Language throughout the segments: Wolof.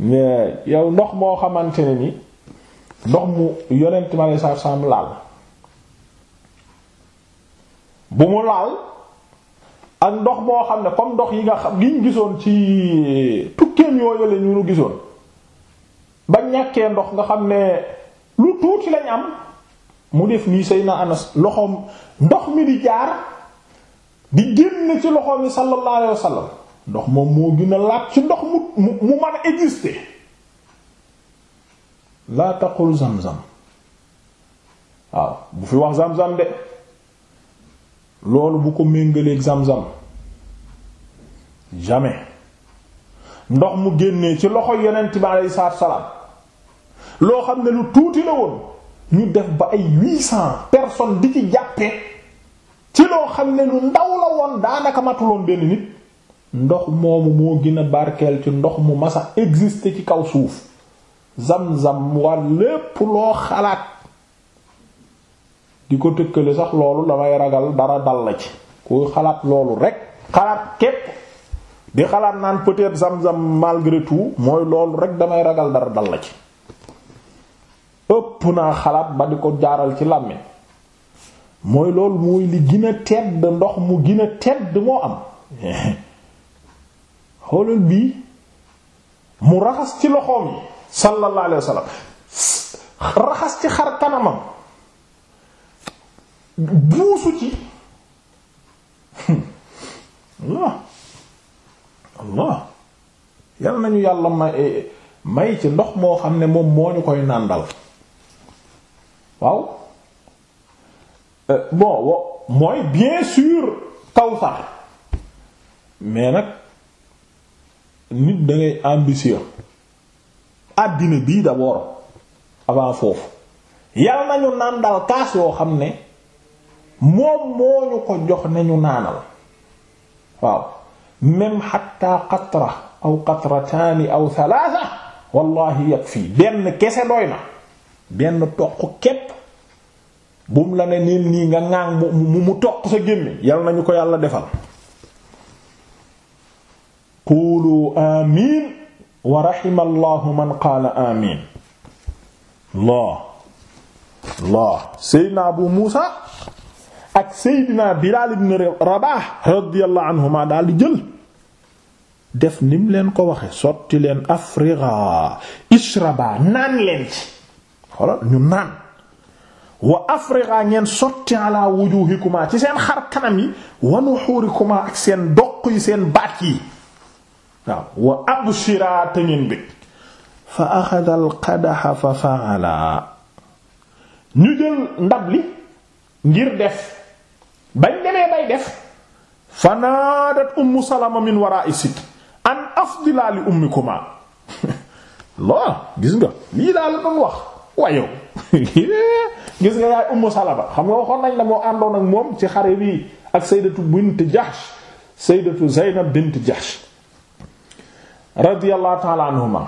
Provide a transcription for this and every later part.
yow ndox moo xamante ni ndox mu yonent ma saaf saam laal bu mu laal ak ndox moo xam ne comme ndox yi nga xam gi gisoon ci tukkeem yooyu la ñu gisoon ba ñàkkee ndox nga xam ne lu tuuti lañ am mu def nii Seydina Anas loxoom ndox mi di jaar di génn ci loxoom yi sallallahu alayhi ndox moom moo gën a laab ci ndox mu mu mën a exister laa taqul zam waaw bu fi wax zam de loolu bu ko méngaleeg zam-zam ndox mu génnee ci loxo yonent bi aleyhi salaatu salaam loo xam ne lu tuuti la woon ñu def ba ay huit cent personnes di ci jàppee ci loo xam ne lu ndaw la woon daanaka matuloon benn nit ndox moomu moo gina a barkeel ci ndox mu masa exister ci kaw suuf zam-zam war lépp loo xalaat di ko tëkkale sax loolu damay ragal dara dal la ci kuy xalaat loolu rek xalaat képp di xalaat naan peut-être zam-zam tout mooy loolu rek damay ragal dara dal la ci ëpp naa xalaat ba di ko jaaral ci làmmiñ mooy loolu mooy li gën tedd ndox mu gën a tedd moo am xoolal bii mu raxas ci loxoom yi sallallahu alayhi raxas ci xar kanamam buusu ci Allah Allah yal nañu yàlla may may ci ndox moo xam ne moom moo ñu koy nàndal waaw euh, bon mooy bien sûr Kawsar mais nag nit da ngay àddina bii d'abord avant foofu yal nañu naan dal kaas yoo xam ne moom moo ñu ko jox ne ñu naanal waaw même xatta qatra aw qatrataani aw thalatha wallahi yakfi benn kese doy na benn toq képp bum la ne neen nii nga ŋaaŋ mu mu toq sa génne yal nañu ko yàlla defal quulu amiin wa rahima allahu man qaala amiin laa laa seydina abu muusa ak seydina bilaal ibn rabaah radiyallahu anhuma daal di jël def nim leen ko waxe sotti leen afriga ishraba naan leen ci xoolal ñu naan wa afriga ngeen sotti ala wujuhikuma ci seen xar kanam yi wa nuhurikuma ak seen doq yi seen baat yi waaw wa abshira te ngeen fa axada al fa faxalaa ñu jël ndab li ngir def bañ demee bay def fa naadat ummu salama min wara'i sit an afdila li ummikuma gis nga lii daal la doon wax wayow gis nga yaay ummu salama xam nga waxoon nañ la moo àndoon ak moom ci xare bi ak sayyidatu bint jahsh sayyidatu zaynab bint jahsh radiyallahu taala anhuma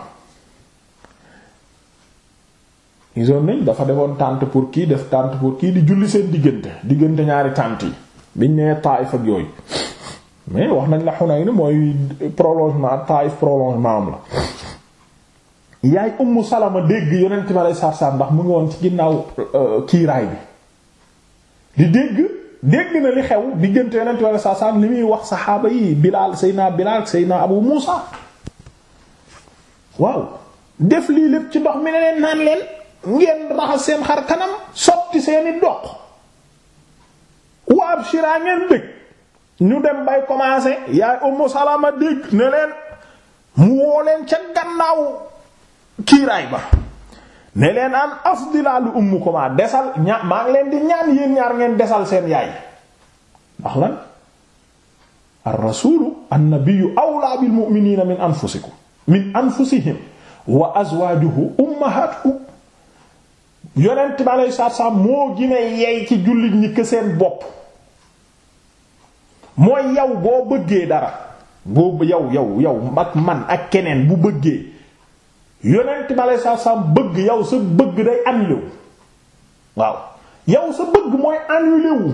gisoon dafa defoon tànt pour kii def tànt pour kii di julli seen diggante diggante ñaari tànt yi biñ nee Taayif ak yooyu mais wax nañ la Hunayn mooy prolongement Taayif prolongement am la yaay Ummu Salama dégg yonent ma lay saar-saar ndax mu ngi woon ci ginnaaw euh, kiiraay bi di dégg dégg na li xew diggante yonent ma lay saar li muy wax saxaaba yi Bilaal naa Bilaal Seydina Abu Muusa waaw def lii lépp ci ndox mi ne leen naan leen ngeen raxas seen xar kanam sotti seeni doq wa abshira ngeen dégg ñu dem bay commencé yaay Ummu Salama dégg ne leen mu woo leen ca gannaaw kiiraay ba ne leen an afdilaalu ummukuma desal ña maa ngi leen di ñaan yéen ñaar ngeen desal seen yaay ndax lan ar rasuulu an nabiyyu awlaa bil mu'miniina min anfusikum min anfusihim wa azwaajuhu ummahatuhum yonent bi aleyhi moo gine yey ci jullit ñi ke seen bopp mooy yow boo bëggee dara boo yow yow yow ak man ak keneen bu bëggee yonent bi aleyhi salaatu salaam bëgg yow sa bëgg day annulé wu waaw yow sa bëgg mooy annulé wu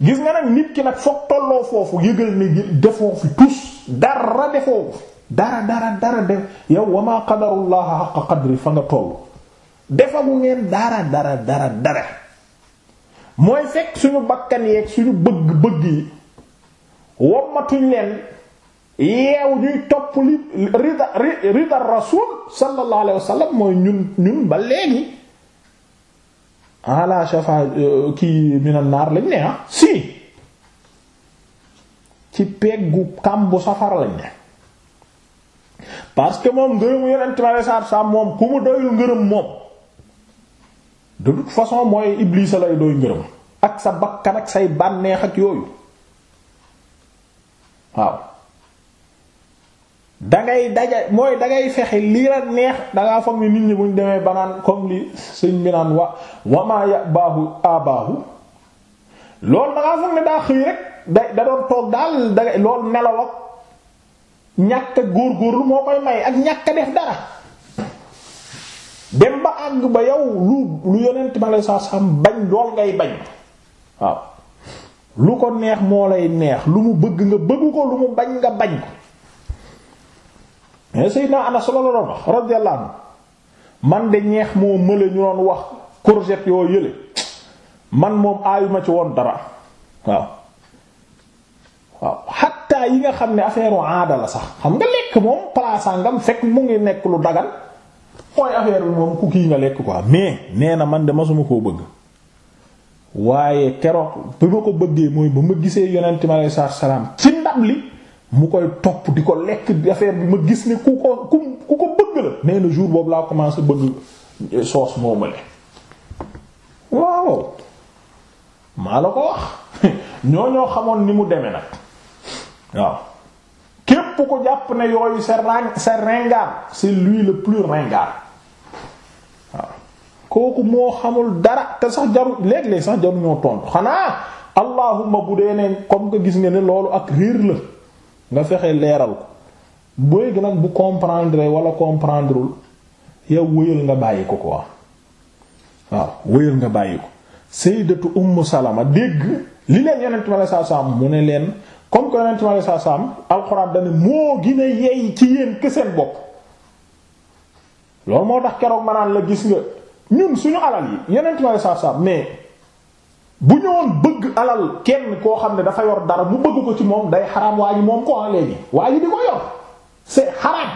gis nga nag nit ki nag foog tolloo foofu yëgal ne defoo fi tus dara defoo dara dara dara def yow wa ma qadarullaha qadri fa nga toll defagu ngeen dara dara dara dara mooy fekk suñu bakkan yeeg suñu bëgg-bëgg yi wommatuñ leen yeew ñuy topp li rida rida rasul sallallahu alayhi mooy ñun ñun ba léegi ala shafa euh, kii a naar lañ ne ah si ci peggu kàmbu safara lañ ne parce que moom ngërëmu yonent ma saab saab moom ku mu doyul ngërëm moom de toute façon mooy Iblis lay doy ngërëm ak sa bakkan ak say bànneex ak yooyu waaw dangay daja mooy dangay fexe li la neex dangaa foog ni nit ñi buñ demee banaan comme li sëñ bi naan wa wamaa ya baahu abaahu loolu dangaa foog ne daa xëy rek da doon toog daal da loolu nelaw ak ñàkk a góorgóorlu moo koy may ak ñàkk def dara dem ba àgg ba yow lu lu yonent ma lay saa sam bañ lool ngay bañ waaw lu ko neex moo lay neex lu mu bëgg nga bëgg ko lu mu bañ nga bañ ko mais Seydina solo la doon wax radiyallahu anhu man de ñeex moo mële ñu doon wax courgette yoo yële man moom aayuma ci woon dara waaw xatta yi nga xam ne affaire u aada sax xam nga lekk moom palaasangam fekk mu ngi nekk lu dagal mooy affaire bi moom ku kii nga lekk quoi mais nee na man de masuma koo bëgg waaye keroog bi ma ko bëggee mooy ba ma gisee yonent mi alayhi salaam ci ndab li mu koy topp di ko lekk affaire bi ma gis ne ku ko ku ko bëgg la nee jour boobu laa commencé bëgg soos moo ma ne waaw maa la ko wax ñoo ñoo xamoon ni mu demee nag waaw képp ko jàpp na yooyu c'est ren c'est ringard c'est lui le plus ringard waaw kooku moo xamul dara te sax jaru léeg-léeg sax jaru ñoo tontu xanaa allahuma bu dee ne comme que gis nga ne loolu ak réer la nga fexe leeral ko booy gi nag bu comprendre wala comprendreul yow wëyal nga bàyyi ko waa waaw wëyal nga bàyyi ko sayyidatu ummu salama dégg li leen yonent mi aleye satu mu ne leen comme que yonent mi aleye satu alxuraan dane moo gën yey ci yéen ke seen loolu moo tax keroog manaan la gis nga ñun suñu alal yi yonent mi aleye satu mais bu ñëwoon bëgg alal kenn koo xam ne dafa yor dara mu bëgg ko ci moom day xaraam waa ji moom ko ah léegi waa ji di ko yor c'est xaraam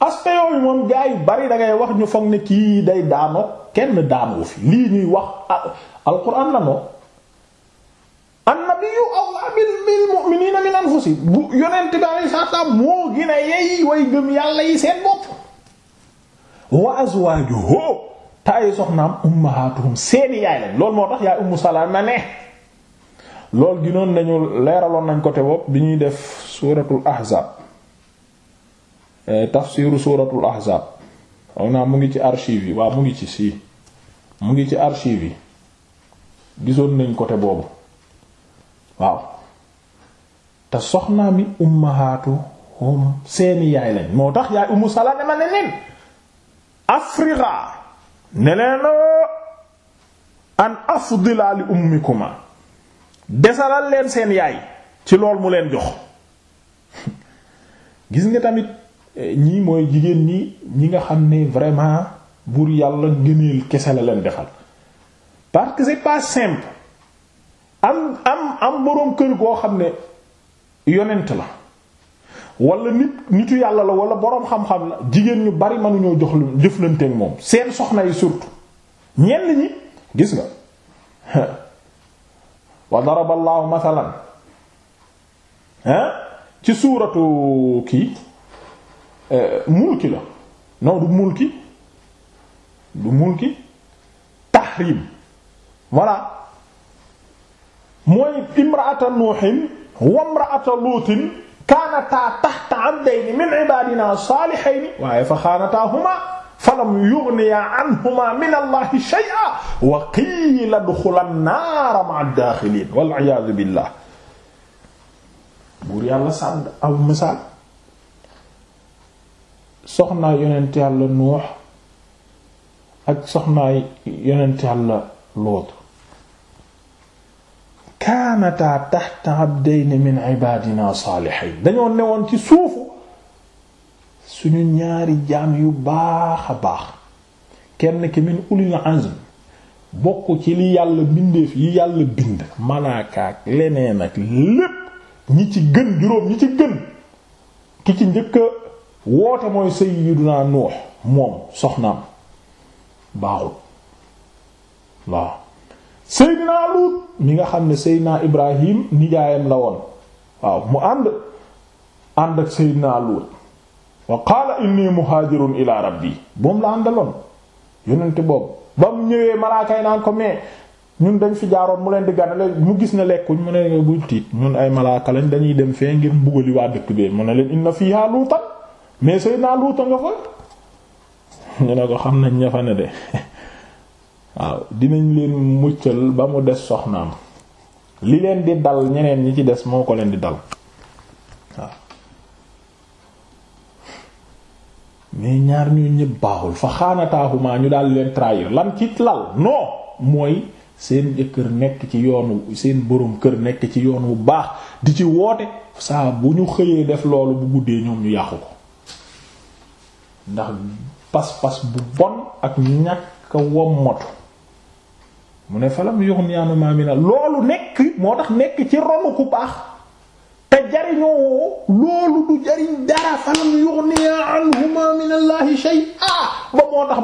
aspect yooyu moom gaa yu bari da wax ñu foog ne kii day daanoo kenn daanoo fi lii ñuy wax alquran la noo annabiyyu awlaa bil mu'miniina min anfusihim bu yonent bi alayhi salaam moo gën a yey way gëm yàlla yi seen bopp wa azwaajuhu te ay soxnaam ummahatuhum seeni yaay lañ loolu moo tax yaay ummu salaama ne loolu ginoon leeraloon nañ côté bopp bi ñuy def suuratul ahzaab eh, tafsiru suuratul ahzaab xaw naa mu ngi ci archive yi mu ngi ci si mu ngi ci archive yi gisoon nañ côté boobu waaw te soxnaa mi ummahatuhum seeni yaay lañ ne neen afriqa ne leen oh, an afdila li ummikuma desalal leen seen yaay ci lool mu leen jox gis nga tamit eh, ñii mooy jigéen ñi ñi nga xam ne vraiment buur yàlla ngëneel kese la leen defal parce que c'est pas simple am am am boroom kër goo xam ne yonent la wala nit nitu yàlla la wala boroom xam-xam la jigéen ñu bari mënuñoo jox lu moom seen soxna yi surtout ñenn ñi gis nga wa daraba allahu mathalan hein ci suuratu kii eh, mulki la non du mulki du mulki tahrim voilà mooy imra'ata nuuhin wa imra'ata luutin kaanataa tahta abdayni min ibaadina saalihayni waaye fa xaanataahuma falam yughniya anhuma min allahi shay'an wa qiila udxula nnaara ma'a daaxiliin wal iyaadu billah buur yàlla sànd aw misaal soxnaa yonent yàlla nuux ak soxnaa yonent yàlla loot kaanataa taxta abdayni min ibaadina saalihiin dañoo newoon ci suufu suñu ñaari jaan yu baax baax kenn ki min ulil azm bokk ci li yàlla bindeef yi yàlla bind malaakaak leneen ak lépp ñi ci gën juróom ñi ci gën ki ci njëkk woote mooy sayyiduna nuux moom soxnaam baaxul waaw Seydina Luut mi nga xam ne Seydina Ibrahim nijaayam la woon waaw mu ànd ànd ak Seydina Luut wa qaala inni muhaajirun ila rabbi moom la àndaloon yonent boobu ba mu ñëwee malaaka yi naan ko mais ñun dañ fi jaaroon mu leen di ganale mu gis ne lekkuñ mu ne buñ tiit ñun ay malaaka lañ dañuy dem fee ngir mbugali waa dëkk bee mu ne leen inna fiha luutan mais Seydina Luuta nga fa ñu ne ko xam nañ ña fa ne de waaw dinañ leen muccal ba mu des soxnaam li leen di dal ñeneen ñi ci des moo ko leen di dal waaw mais ñaar ñu ñëpp baaxul fa xaanataaxumaa ñu daal leen trahir lan ci lal noo mooy seen jëkkër nekk ci yoonu seen borom kër nekk ci yoon wu baax di ci woote saa bu ñu xëyee def loolu bu guddee ñoom ñu yàqu ko ndax pas-pas bu bon ak ñàkk a wommatu mu ne falam yoxni anuma mina loolu nekk moo tax nekk ci ronu ku baax te jariñoo loolu du jariñ dara falam yoxni anhuma minallahi shay'a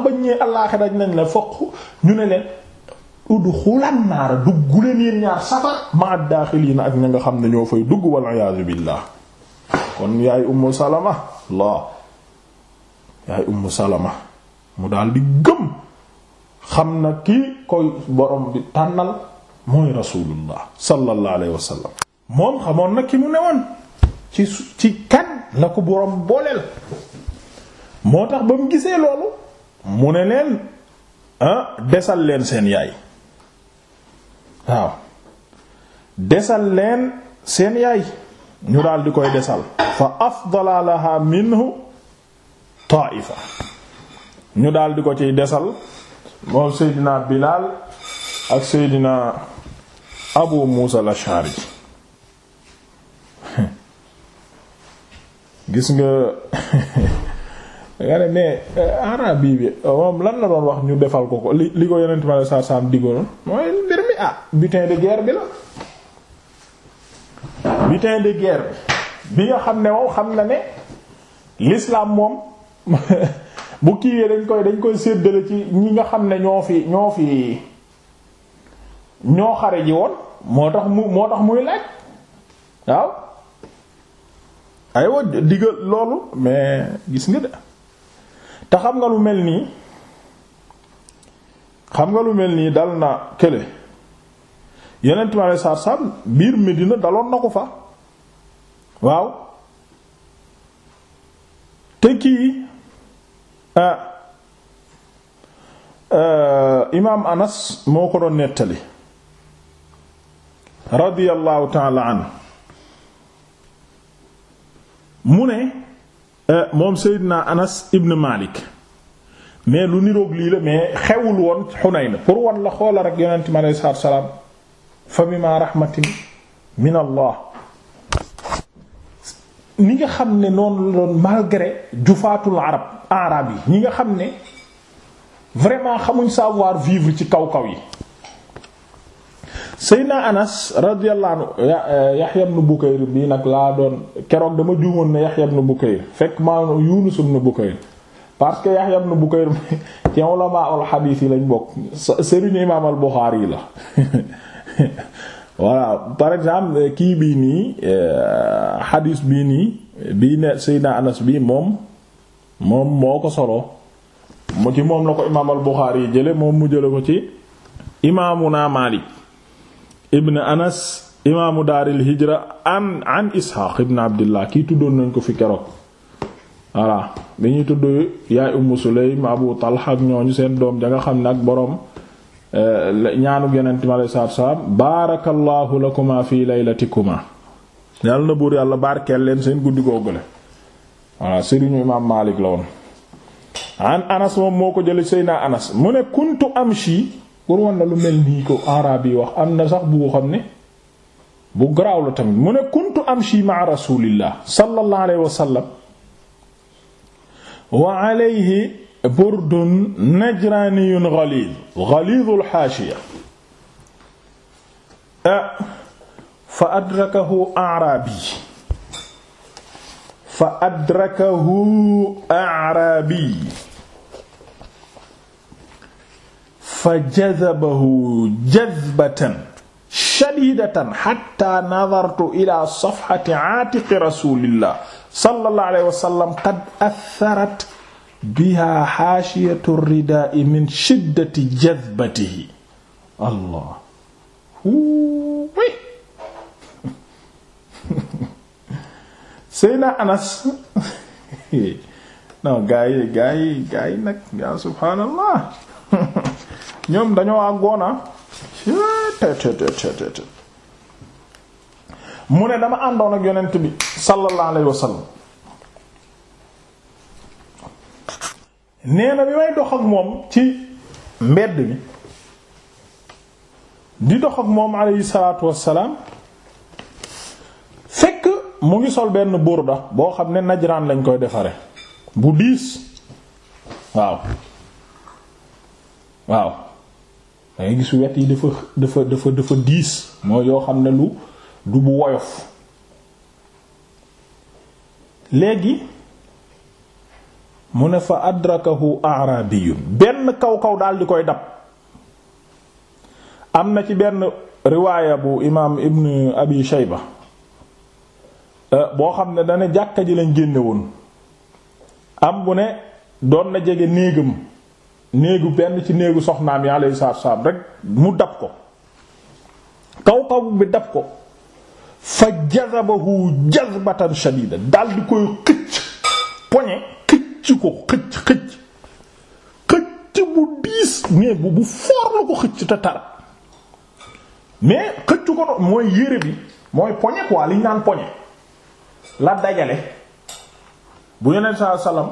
bañ ñee àllaaxira nañ la fokk ñu ne leen udxulan naara dugg leen ma daaxiliina ak ña nga xam ne ñoo fay dugg wal iyaazu billah kon yaay ummu salama la yaay ummu salama mu daal di gëm xam na ki koy borom bi tànnal mooy rasulullah sallallahu alayhi moom xamoon na ki mu newoon ci ci kan la ko borom booleel moo tax ba mu gisee loolu mu ne leen ah, desal leen seen yaay waaw desal leen seen yaay ñu daal di koy desal fa afdala laha minhu ta'ifa ñu daal di ko ciy desal moom seydina Bilaal ak seydina Abu Muusa al-Ash'ari gis nga nga ne mais euh, arabi bi moom lan la doon wax ñu defal ko ko li li ko yonent ma la saa saam diggoon mooy mbir mi ah butin de guerre bi la butin de guerre bi bi nga xam ne moom xam na ne l'islam moom bu kii kiiwee dañ koy dañ koy séddale ci ñi nga xam ne ñoo fi ñoo fi ñoo xare ji woon moo tax mu moo tax muy laaj waaw aywa digal loolu mais gis nga de te xam nga lu mel nii xam nga lu mel nii dal na kële yenent ma ne sarsam biir Medina daloon na ko fa waaw te kii Ah. Ah, imaam anas moo ko doon nettali radiyallahu taala anhu mu ne eh, moom seydina anas ibn malik mais lu niroog lii la mais xewul woon Xunayn pour wan la xoola rek yonent mi alayhi salaatu wa salaam fa bima rahmatin min allah ni nga xam ne noonu la doon malgré jufaatul arab arab yi ñi nga xam ne vraiment xamuñ savoir vivre ci kaw kaw yi Seyna Anas radiyallahu anhu eh, Yahya ibn Bukayr bii nag laa doon keroog dama juumoon ne Yahya ibn Bukayr fekk maa Yunus ibn Bukayr parce que Yahya ibn Bukayr ci ulama al hadith yi lañ bokk sëriñu imaam al yi la voilà par exemple euh, kii bii nii euh, xadiis bii nii bii ne Seydina Anas bi moom moom moo ko solo mu ci moom la ko imaam al Buxaari yi jële moom mu jële ko ci imaamuna Maalik ibn Anas imaamu daaril hijra an an Isxaaq ibn Abdillah kii tuddoon nañ ko fi keroog voilà bi tudd yaay Ummu Sulaym Abu Talha ak ñooñu seen doom ja nga xam ne ak boroom Euh, ñaanug yonent mi alayhi salaatu wa salaam baarakallaahu lakuma fi laylatikuma yàlla na buur yàlla barkeel leen seen guddi googule waaw sëriñu imaam Maalik la woon an anas moom moo ko jële seyna anas mu ne kuntu amshi pour wan la lu mel nii ko araab yi wax am na sax bu xam ne bu garaaw la tamit mu ne kuntu amshi ma rasuulillah sallallahu alayhi wa alayhi burdun najraniyun ghaliz ghalizul haashiya ah, fa adrakahu a'rabi fa adrakahu a'rabi fa jazabahu jazbatan shadiidatan hatta nadartu ila safhati aatiqi rasulillah sallallahu alayhi wa sallam qad atharat biha xaashiyatu ridaai min shiddati jazbatihi allah seyna anas non gaa yi gaa nag yaa subhaanallah ñoom dañoo àggoona mu ne dama àndoon ak yonent bi sallallahu alayhi wa nee na bi may dox ak moom ci mbedd mi di dox ak moom alayhi salaatu wassalaam fekk mu ngi sol benn burda boo xam ne najraan lañ koy defare bu diis waaw waaw dangay gis wet yi dafa dafa dafa dafa diis mooy yoo xam ne lu du bu woyof léegi mu ne fa adrakahu arabiyun benn kaw kaw daal di koy dab am na ci benn riwaaya bu imaam ibn abi shayba eh, boo xam ne dana jàkka ji lañ génne woon am bu ne doon na jege néegam néegu benn ci néegu soxnaam yi alayhi salaam rek mu dab ko kaw kaw bi dab ko fa jazabahu jazbatan shadida dal di koy xëcc poñe xëcc ko xëcc xëcc xëcc bu diis mais bu bu foor la ko xëcc te tar mais xëcc ko no mooy yére bi mooy poñe quoi liñ naan poñe la dajale bu yeneen saa salaam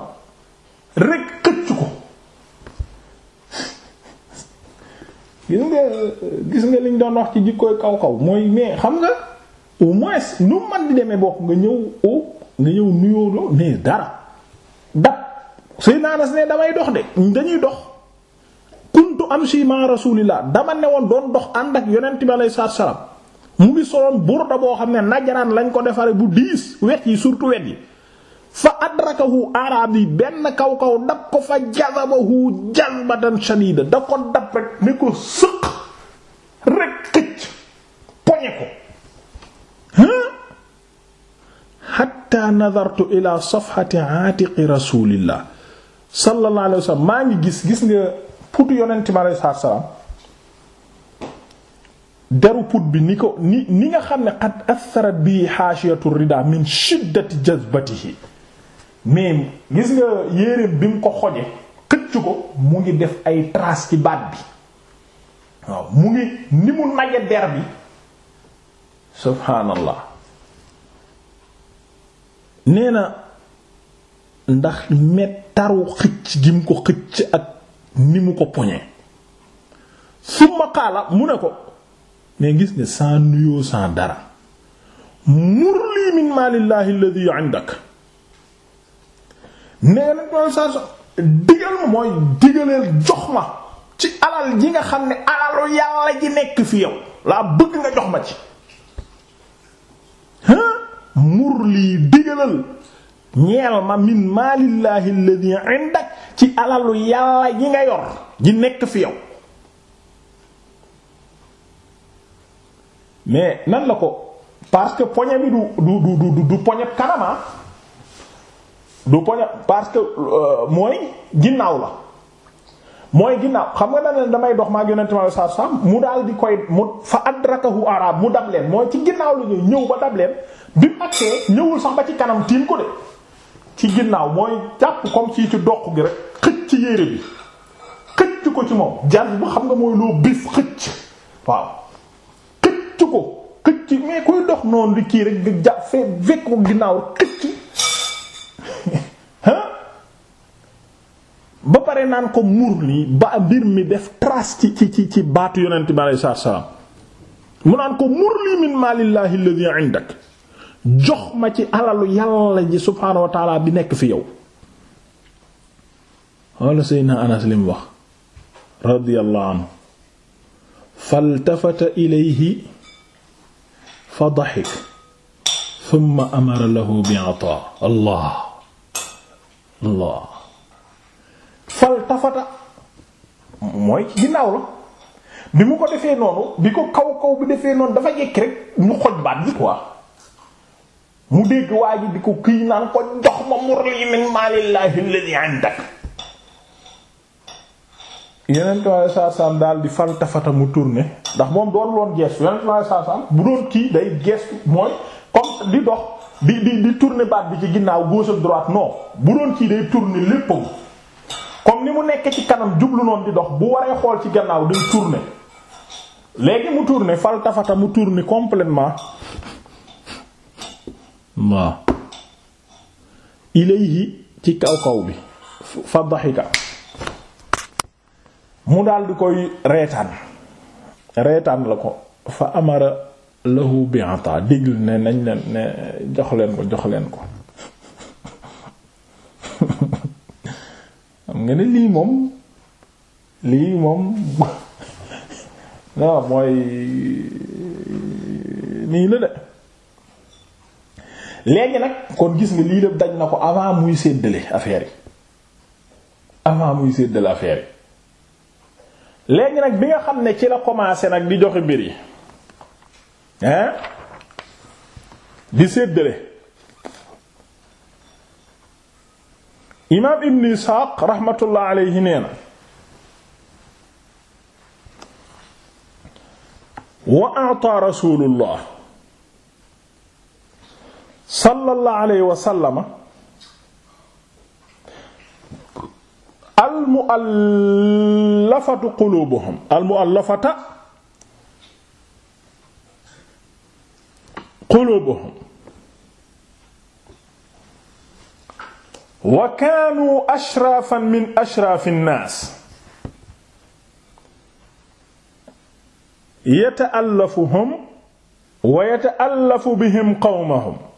rek xëcc ko gis nga gis nga liñ doon wax ci jikkooy kaw kaw mooy mais xam nga au moins nu man di demee bokk nga ñëw o nga ñëw nuyoo mais dara Seydina Anas ne damay dox de dañuy dox kuntu amshi ma rasulillah dama ne woon doon dox ànd ak yonent bi alayhi salaam mu ngi soloon burda boo xam ne najaraan lañ ko defaree bu diis wet yi surtout wet yi fa adrakahu araab yi benn kaw kaw dab ko fa jazabahu jazbatan shadida da ko dab rek ni ko sëq rek xëcc poñe ko hatta nadartu ila safhati aatiqi rasulillah sallallahu alayhi wa maa ngi gis gis nga putu yonent bi alayhi salaam deru put bi ni ko ni ni nga xam ne qad atharat bi haashiyatu rida min shiddati jazbatihi mais gis nga yéreem bi mu ko xoje xëcc ko mu ngi def ay traas ci baat bi waaw mu ngi ni mu naje der bi subhaanallah nee na ndax met taru xëcc gi mu ko xëcc ak ni mu ko poñee summa xaala mu ne ko mais gis ne sans nuyoo sans dara murlii min malillahi alladhi 'indak digal mooy digaleel jox ma ci alal yi nga xam ne alalu yàlla ji nekk fi yow laa bëgg nga jox ma ci murlii digalal ñeel ma min maalillaahi alladhi indak ci alalu yàlla yi nga yor di nekk fi yow mais nan la ko parce que poñe bi du du du du du poñe kanama du poñe parce que euh, mooy ginnaaw la mooy ginnaaw xam nga dañ damay dox maa yonente ma sa sam mu daal di koy mu fa adrakahu arab mu dab leen mooy ci ginnaaw la ñëw ñëw ba dab leen bi mu ñëwul sax ba ci kanam tiim ko de ci ginnaaw mooy jàpp comme ci ci doq gi rek xëcc ci yére bi xëcc ko ci moom jar bu xam nga mooy loo bis xëcc waaw xëcc ko xëcc mais koy dox noonu di kii rek di jàpp fekk ko ginnaaw xëcc ba pare naan ko muur lii ba mbir mi def trace ci ci ci ci baatu yonent bi alayhi salaam mu naan ko muur lii min maalillaahi alladhi indak jox ma ci alalu yàlla ji subhaanahu wa bi nekk fi yow wala seydna anas lim wax radiyallahu anhu faltafata ilayhi fa daxik thumma amara mooy ginnaaw la bi mu ko defee noonu bi ko kaw kaw bi defee noonu dafa jekk rek ñu xoj baat bi quoi mu dégg waa ji di ko kii naan ko jox ma murli min maalillahi alladhi indak yeneen tuwaayu saasam daal di faltafata mu turne ndax moom doon loon geestu yeneen tuwaayu saasam bu doon kii day gestu mooy comme di dox di di di turne baat bi ci ginnaaw gauche ak droite bu doon kii day tourné léppam comme ni mu nekk ci kanam jublu noonu di dox bu waree xool ci gannaaw day tourné léegi mu tourné faltafata mu tourné complètement waaw ilayhi ci kaw kaw bi fa daxika mu daal di koy reetaan reetaan la ko fa amara lahu bi ata digl ne nañ leen ne jox leen ko jox leen ko xam nga ne lii moom lii moom mooy nii la de léegi nag kon gis nga lii lépp dañ na ko avant muy séddale affaire yi muy séddale affaire yi léegi nag bi nga xam ne ci la commencé nag di joxe mbir yi hein di séddale imaam ibn Isxaaq raxmatullah alayhi nee na wa a'ta rasulullah sallallahu alayhi wa sallama al muallafatu qulubuhum al muallafata qulubuhum wa kaanu ashrafan min ashrafi nnaas yata'allafuhum wa yata'allafu bihim qawmahum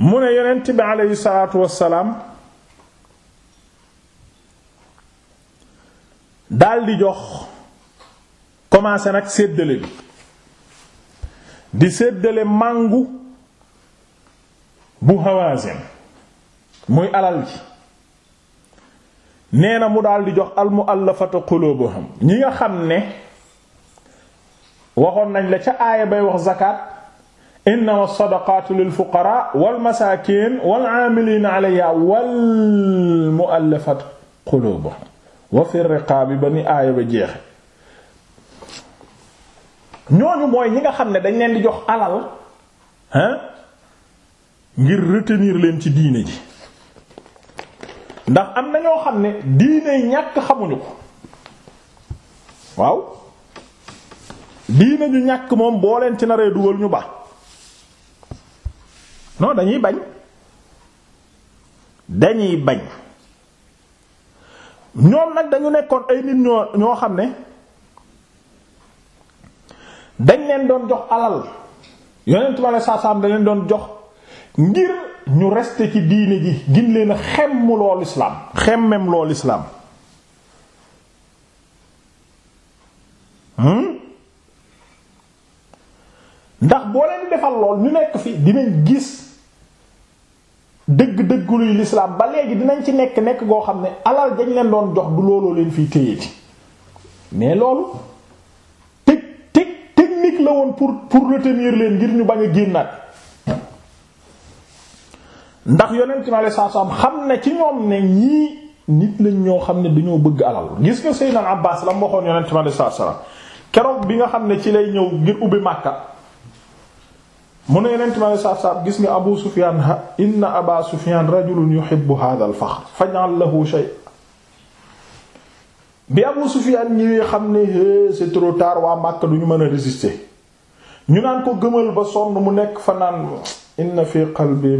mu ne yonent bi aleyhi salaatu wassalaam daldi jox commencé nag séddale bi di séddale màngu bu Hawazin muy alal ji nee na mu daldi jox al mu'allafata qulubuhum ñi nga xam ne waxoon nañ la ca aaya bay wax zakat innama sadaqaatu lil fuqaraa wal masaakiin wal aamiliina alayhaa wal mu'allafati quluubuhum wa fi riqaabi ba ni aaya ba jeexe ñooñu mooy ñi nga xam ne dañ leen di jox alal hein ngir retenir leen ci diine ji ndax am na ñoo xam ne diine ñàkk xamuñu ko waaw diine ñu ñàkk moom boo leen ci naree dugal ñu ba non dañuy bañ dañuy bañ ñoom nag dañu nekkoon ay nit ñoo ñoo xam ne dañ leen doon jox alal yonentu Yàlla saa saam dañ leen doon jox ngir ñu rester ci diine ji gin leen xem loolu islaam xemmem loolu islaam hmm? ndax boo leen defal lool ñu nekk fi dinañ gis dëgg-dëgg luy lislaam ba léegi dinañ ci nekk nekk goo xam ne alal dañ leen doon jox du looloo leen fiy téyeti mais loolu teg teg technique la woon pour pour retenir leen ngir ñu bañ a génnaat ndax yonent mi alayhi salaatu xam ne ci ñoom ne ñii nit lañ ñoo xam ne dañoo bëgg alal gis nga Seydina Abbaas la mu waxoon yonent mi alayhi keroog bi nga xam ne ci lay ñëw ngir ubbi Makka mu ne yonent ma saab saab gis nga Abu sufian Sufyan inna Aba Sufyan rajulun yuhibbu hadha al-fakhr faj'al lahu shay bi Abu Sufyan ñi xam ne é c'est trop tard mën a résister ñu naan ko gëmal ba sonn mu nekk fa naan inna fi qalbi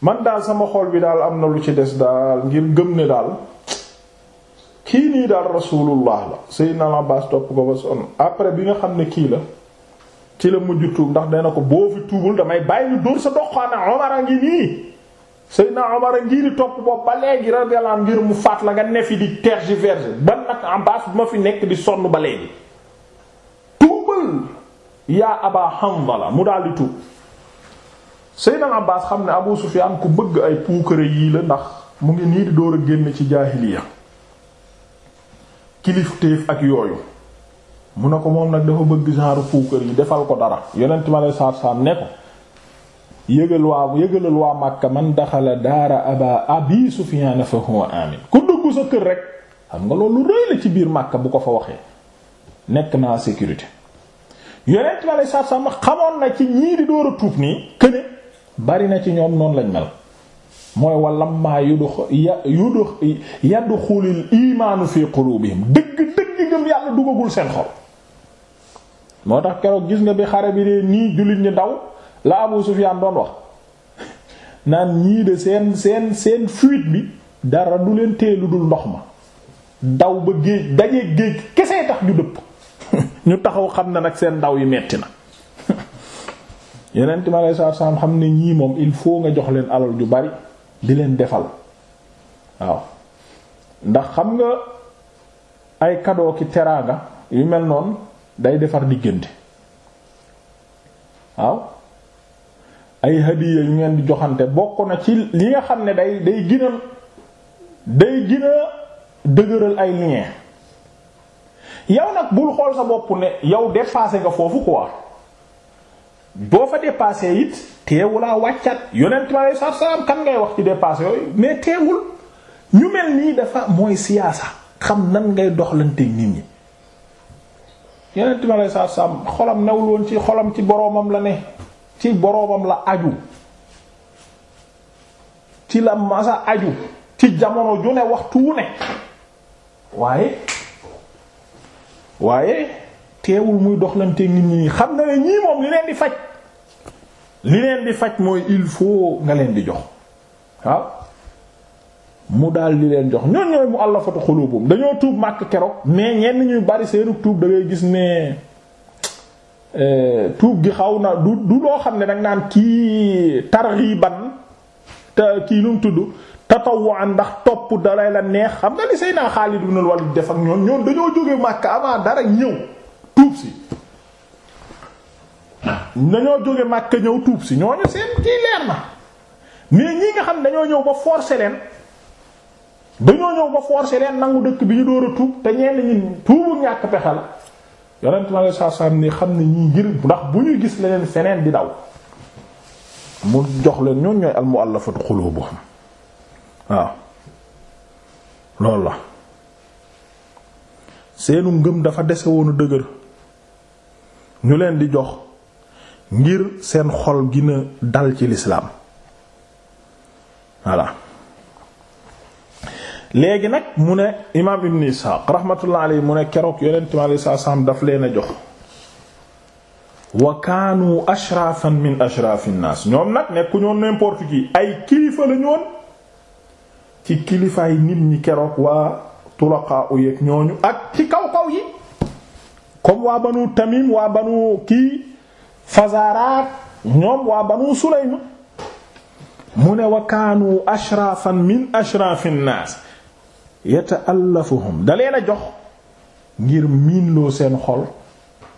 man daal sama xol bi daal am na lu ci des daal ngir gëm ne daal kii nii daal Rasulullah la Sayyidina Abbas topp ko ba sonn après bi nga xam ne kii la ci la mujj tuub ndax nee na ko boo fi tuubul damay bàyyi ñu dóor sa doxaana Omar a ngi nii Seydina Omar a ngi ni topp bopp ba léegi radiyallahu ngir mu faat la nga ne fi di tergiverser ban nag Abbaas bu ma fi nekk di sonn ba léegi tuubal yaa Aba Hanzala mu daal di tuub Seydina Abbaas xam ne Abu Sufyaan ku bëgg ay puukare yii la ndax mu ngi nii di door a génn ci jaahiliya kilifteef ak yooyu mu ne ko moom nag dafa bëgg genre puukar yi defal ko dara yonent ma lay saar-saar ne ko yëgal waa yëgalal waa Makka man daxala daara aba abi Sufyaan fa huwa amin ku dugg sa kër rek xam nga loolu rëy la ci biir Makka bu ko fa waxee nekk naa sécurité yonent ma lay saar-saar ma xamoon na ci ñii di door a tuub nii këne bari na ci ñoom noonu lañ mel mooy walammaa yudu yudu yadxulul imaanu fi quluubihim dëgg dëgg gëm yàlla dugagul moo tax keroog gis nga bi xare bi dee nii jullit ñi daw laa Abu Sufyaan doon wax naan ñii de seen seen seen fuite bi dara du leen tee lu dul ndox ma daw ba géej dajee géej kese tax ñu dëpp ñu taxaw xam na nag seen daw yi metti na yeneen ma xam ñii moom il faut nga jox leen alal yu bari di leen defal waaw ndax xam nga ay cadeau ki teraanga yu mel noonu day defar diggante waaw ay hadiya yu ngeen di joxante bokk na ci li nga xam ne day day gën day gën dëgëral ay lien yow nag bul xool sa bopp ne yow dépassé nga foofu quoi boo fa dépassé it teewul a wàccat yonent ma lay sa salaam kan ngay wax ci dépassé yooyu mais teewul ñu mel nii dafa mooy siyaasa xam nan ngay doxlante nit ñi yeneen time lay saar saam xolam newul woon ci xolam ci boroomam la ne ci boroomam la aju ci la masa aju ci jamono ju ne waxtu wu ne waaye waaye teewul muy doxlante nit ñi xam na ne ñii moom li leen di faj li leen di faj mooy il faut nga leen di jox waaw mu daal di leen jox ñoom ñooy mu àllafatu xulubum dañoo tuub màkk keroog mais ñenn ñuy bari seenu tuub dangay gis ne eh, tuub gi xaw na du du loo xam ne danga naan kii targhiban te kii nu mu tudd tatawwu'an ndax topp dalay la neex xam nga li Seydina Xaalid ibn Walid def ak ñoom ñoom dañoo jógee màkk avant dara ñëw tuub si. dañoo jóge màkk ñëw tuub si ñooñu seen kii leer na mais ñi nga xam dañoo ñëw ba forcer dañoo ñëw ba forcer leen nangu dëkk bi ñu door a te ñenn ñi tuubu ñàkk pexe la yonent ma saa saa ni xam ne ñii ngir ndax bu ñuy gis leneen feneen di daw mu jox leen ñoom ñooy al mu'allafatu qulubuhum waaw loolu la seenu ngëm dafa dese woonu dëgër ñu leen di jox ngir seen xol gi na dal ci lislaam voilà léegi nag mu ne imaam ibn Isxaaq rahmatullah mu ne keroog yonent mi alayhi salaam daf leen jox wa kaanu ashrafan min ashrafi nnaas ñoom nag nekku ñoon n'importe qui ay kilifa la ñoon ci kilifaay nit ñi keroog waa tulaqaa u yeeg ñooñu ak ci kaw-kaw yi comme waa banu tamim waa banu kii fazaaraat ñoom waa banu sulaym mu ne wa kaanu ashrafan min ashrafi nnaas yata'allafuhum da leen a jox ngir miinloo seen xol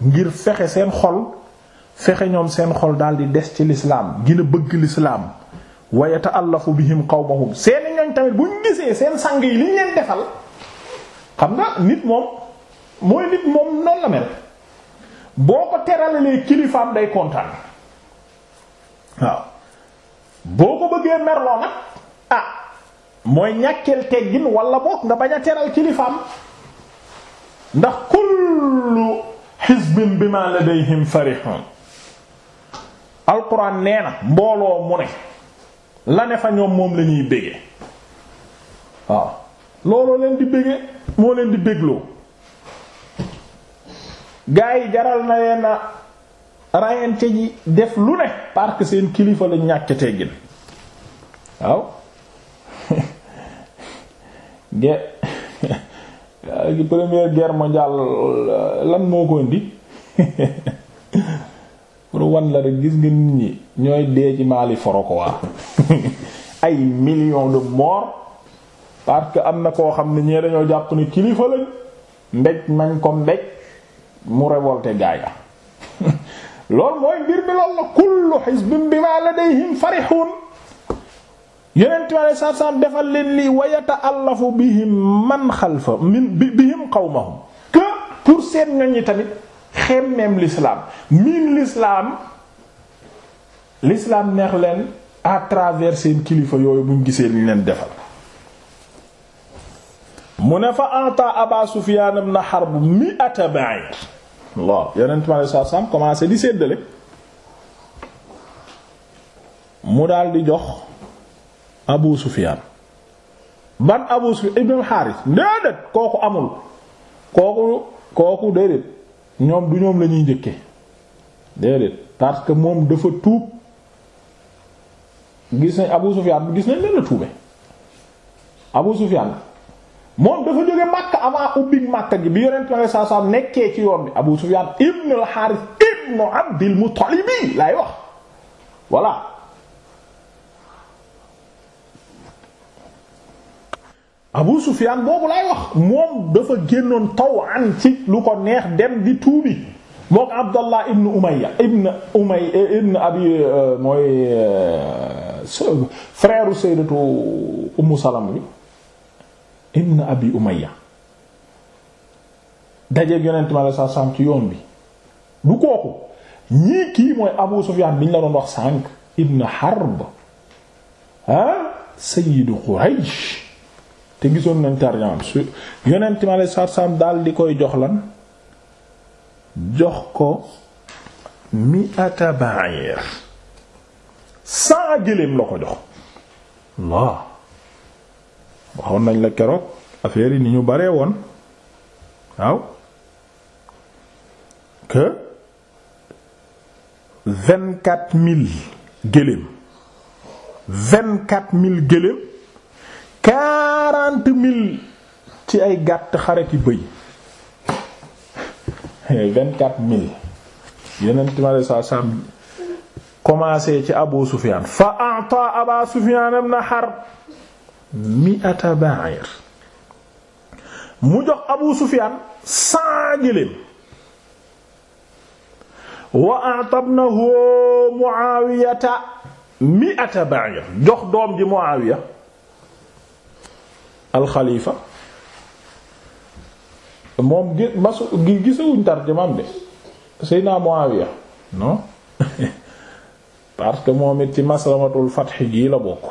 ngir fexe seen xol fexe ñoom seen xol daal di des ci lislaam gën a bëgg lislaam wa yata'allafu bihim qawmahum seeni ñoñ tamit bu ñu gisee seen sang yi li ñu leen defal xam nga nit moom mooy nit moom noonu la mel boo ko teralee kilifaam day kontaan waaw boo ko bëggee merloo nag ah mooy ñàkkeel teggin wala boog nga bañ a teral kilifaam ndax kullu xisbin bima ladayhim farihun alquran nee na mbooloo mu ne la ne fa ñoom moom la ñuy waaw looloo leen di bége moo leen di bégloo gaa yi jaral na leen rayante ji def lu ne parce seen kilifa la ñàkk teggin waaw ge première guerre euh, lan moo ko indi pour wan rek gis nga nit ñi ñooy dee ci Mali forokowa ay millions de morts parce que am na koo xam ne ñee dañoo jàpp ne kilifa lañ mbéj nañ ko mbéj mu révolté gaaya loolu mooy mbir bi loolu la kullu hizbin bima ladayhim yonent bi alayhi salaatu salaam defal leen lii wa yata'allafu bihim man xalfa min bihim qawmahum pour seen ñoñ ñi tamit xemmeem l'islam miin l'islam l'islam neex leen à travers seen kilifa yooyu buñ gisee li leen defal. mu ne fa anta Aba Sufyaan ibn Harb mi'ata ba'ir waaw yonent bi alayhi salaatu salaam commencé di séddale mu daal di jox. Abu Sufyan ban Abu Sufyan ibn al-Harith kooku amul kooku kooku déedéet ñoom du ñoom la ñuy njëkke déedéet parce que moom dafa tuub gis nañ Abu Sufyan bu gis nañ leen la tuube Abu Sufyan moom dafa jóge Makka avant ubbi Makka gi bi yonent Yàlla saa saa nekkee ci yoon bi Abu Sufyan ibn al-Harith ibn Abdil Muttalibi laay wax voilà Abu Sufyaan boobu lay wax moom dafa génnoon tawaan ci lu ko neex dem di tuubi moo ko Abdallah ibn Umayya ibn Umay ibn Abi euh, mooy euh, frère sayyidatu Ummu Salama bi ibn Abi Umayya dajeeg yonent mi alayhi salaam ci yoon bi du kooku ñii kii mooy Abu Sufyaan bi ñu la doon wax sànq ibn Harb ah sayyidu Quraysh te gisoon nañ tarjam su yonent mi alayhi daal di koy jox lan jox ko mi'ata ba'ir saa gëléem la ko jox Allah waxoon nañ la keroog affaire yi ni ñu baree woon waaw que vingt-quatre mille gëléem vingt-quatre mille gëléem quarante ci ay gàtt xaret eh, yi ci Abu Sufyan fa a'ta Aba Sufyan ibn Harb mi'ata ba'ir mu jox Abu Sufyan cent gëléem wa a'tabnahu Muawiyata mi'ata ba'ir jox doom ji Muawiya alxalifa moom gi masu gi gisewuñ tarjamam bi Seydina Muawiya non parce que moom it ci maslamatul fatxi gii la bokk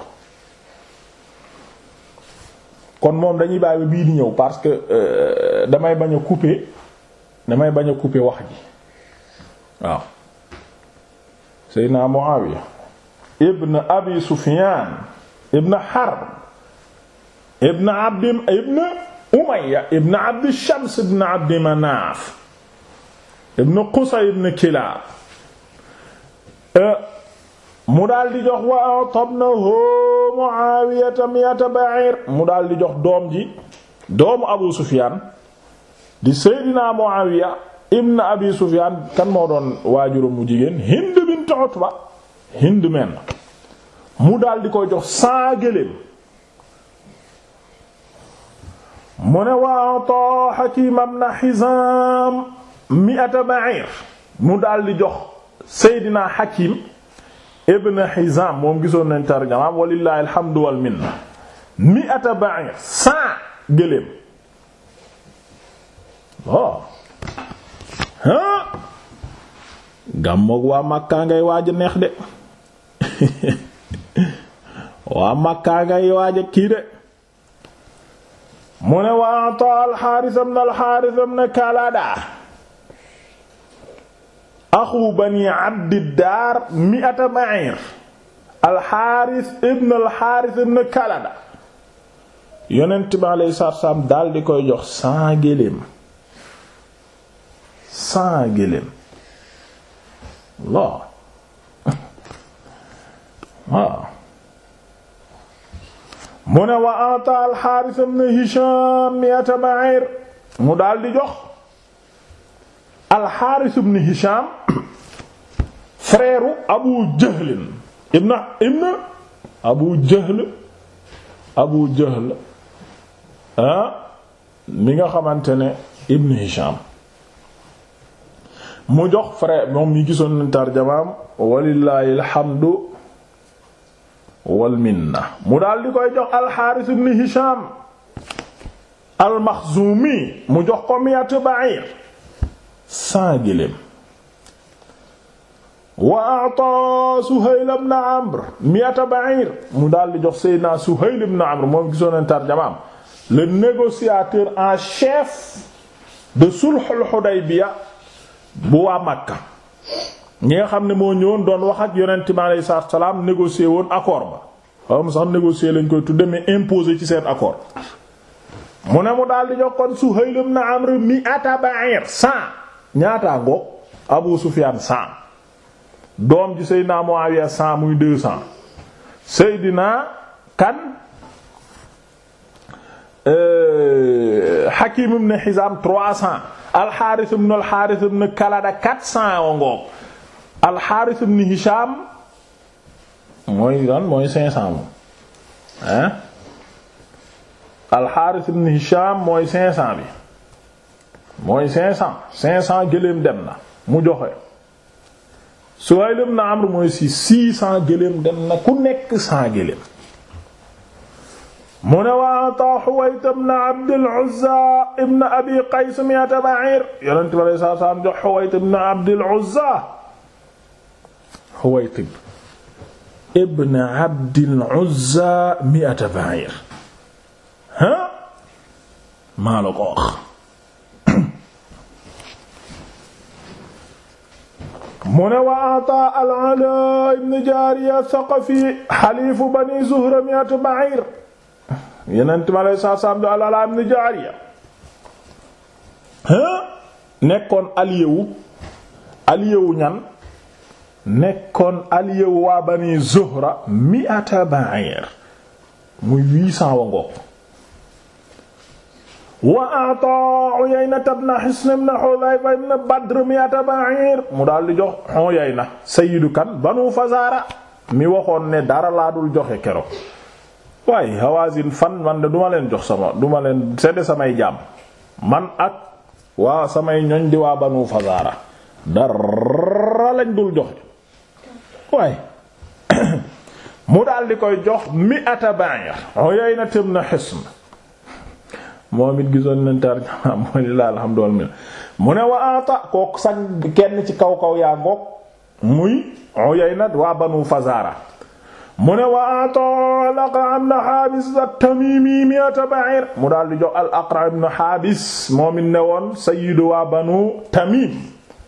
kon moom dañuy bàyyi bii di ñëw parce que euh, damay bañ a couper damay bañ a couper wax ji waaw Seydina Muawiya ibn Abi Sufyan ibn Harb ibn abdi ibn umayya ibn abdi shams ibn abdi manaaf ibn qusay ibn kilaab mu daal di jox wa atabnahu muawiyata miyata ba'ir mu daal jox doom ji doomu abu sufyaan di seydina muawiya ibn abi sufyaan kan moo doon waajuram mu jigéen hind bint utba hind men mu daal koy jox saa gëléem mu ne wa ata Hakim ibn Hizam mi'ata ba'ir mu daal di jox Seydina Hakim ibn Hizam moom gisoon nañ tarjamaam walillahi alhamdu wal minna mi'ata ba'ir cent gëléem waaw ah oh. waa Makka ngay waaj neex de waa Makka ngay waaj kii de. mu ne wa ata alxaaris ibn alxaaris ibn kalada axu bani abdiddaar mi'ata alxaaris ibn alxaaris ibn kalada yonent bi alayhi salaam daal di koy jox cent géléem cent géléem waaw mu ne wa ata alxaaris ibn hisham miata ba'ir mu daal di jox alxaaris ibn hisham frère abu jahlin ibn abu jahl abu jahl ah, mi nga xamante ne ibn hisham mu jox frère moom mi gisoon tarjamaam walillahi alhamdu wal minna mu daldi koy jox alxaaris ibn hisham almaxzumi mu jox ko miyatu ba'ir cent gëléem wa ata suhayl ibn amr miyata ba'ir mu daldi jox seydina suhayl ibn amr moom gisoon nañ tarjamaam le négociateur en chef de sulhul hudaybiya bu waa Makka ñi nga xam ne moo ñëwoon doon wax ak yonent bi alayhi salaatu wa salaam négocier woon accord ba xawma sax négocier lañ koy tudde mais imposer ci seen accord mu ne mu daal di jox kon Suhayl ibn Amr mi'ata ba'ir cent ñaataa ngoog Abu Sufyaan cent doom ji Seydina Muawiya cent muy deux cent Seydina kan euh, Hakim ibn Hizam trois cent al-Harith ibn al-Harith ibn Kalada quatre cent ngoog alxaaris ibn Hisham mooy lan mooy cinq bi mooy cinq cent cinq cent dem na mu joxe Suhayl ibn Amr mooy si dem na ku nekk cent mu ne waa ata Huwayt ibn Abd al-Uzza ibn Abi Qays mi'ata ba'ir yonent bi sallallahu alayhi wa sallam jox Huwayt ibn Abd al-Uzza Huwaytib ibn Abdil Uzza mi'ata ba'ir ha maa la ko wax mu ne wa ata al-Ala ibn Jaariya Saqafi xaliifu bani Zuhra mi'ata ba'ir yeneen ma lay saa saam du al-Ala ibn Jaariya ha nekkoon aliyewu aliyewu ñan nekkoon aliyewu waa bani zuhra mi'ata ba'ir muy 800 wa ngoog wa a'ta Uyayna ibn Hisn ibn Hudhayfa ibn Badr mi'ata ba'ir mu daal di jox Uyayna sayyidu kan banu Fazara mi waxoon ne dara laa dul joxe kero waaye Hawazin fan man de duma leen jox sama duma leen sedd samay jaam man ak waa samay ñoñ di waa banu Fazara dara lañ dul joxe waaye mu daal di koy jox mi'ata mu ne wa ata kook sax kenn ci kaw kaw yaa ngoog muy Uyayna waa Banu Fazara mu ne di jox al-Aqra' ibn Habis moom ne woon sayyidu waa Banu Tamim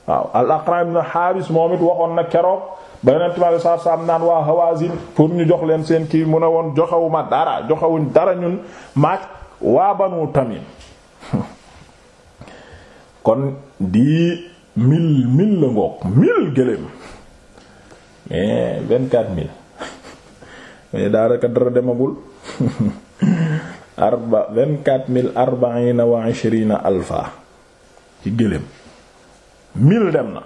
waaw al-Aqra' ibn Habis moom waxoon na keroog ba yonent bi alayhi salaatu salaam naan waa Hawazin pour ñu jox leen seen kii mu ne woon joxewuma dara joxewuñ dara ñun maak waa Banu Tamim kon di mille mille la ngoog eh, mille gëléem mais vingt-quatre dara demagul arba vingt-quatre mille arbaina wa ishrina alfa ci gëléem mille dem na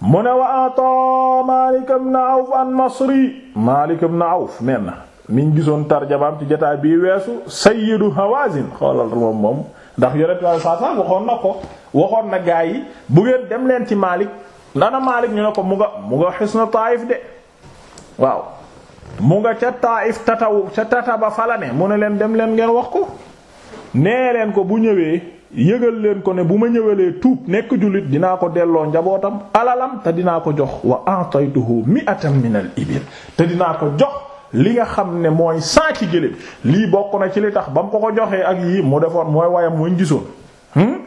mu ne wa ata Malik ibn Awf an Masri Malik ibn Awf nee na niñ gisoon tarjamaam ci jotaay bii weesu sayyidu Hawazin xoolal moom moom ndax yore saa saa waxoon na ko waxoon na gaa yi bu ngeen dem leen ci Malik nana Malik ñu ne ko mu nga mu nga xis na Taayif de waaw mu nga ca Taayif tatawu ca tata ba fala ne mu ne leen dem leen ngeen wax ko nee leen ko bu ñëwee. yëgal leen ko ne bu ma ñëwalee tuub nekk jullit dinaa ko delloo njabootam alalam te dinaa ko jox wa ataytuhu mi'atan min te dinaa ko jox li nga xam ne mooy saa ci lii bokk na ci li tax ba mu ko ko joxee ak yii mu defoon mooy wayam wañ gisoon hmm?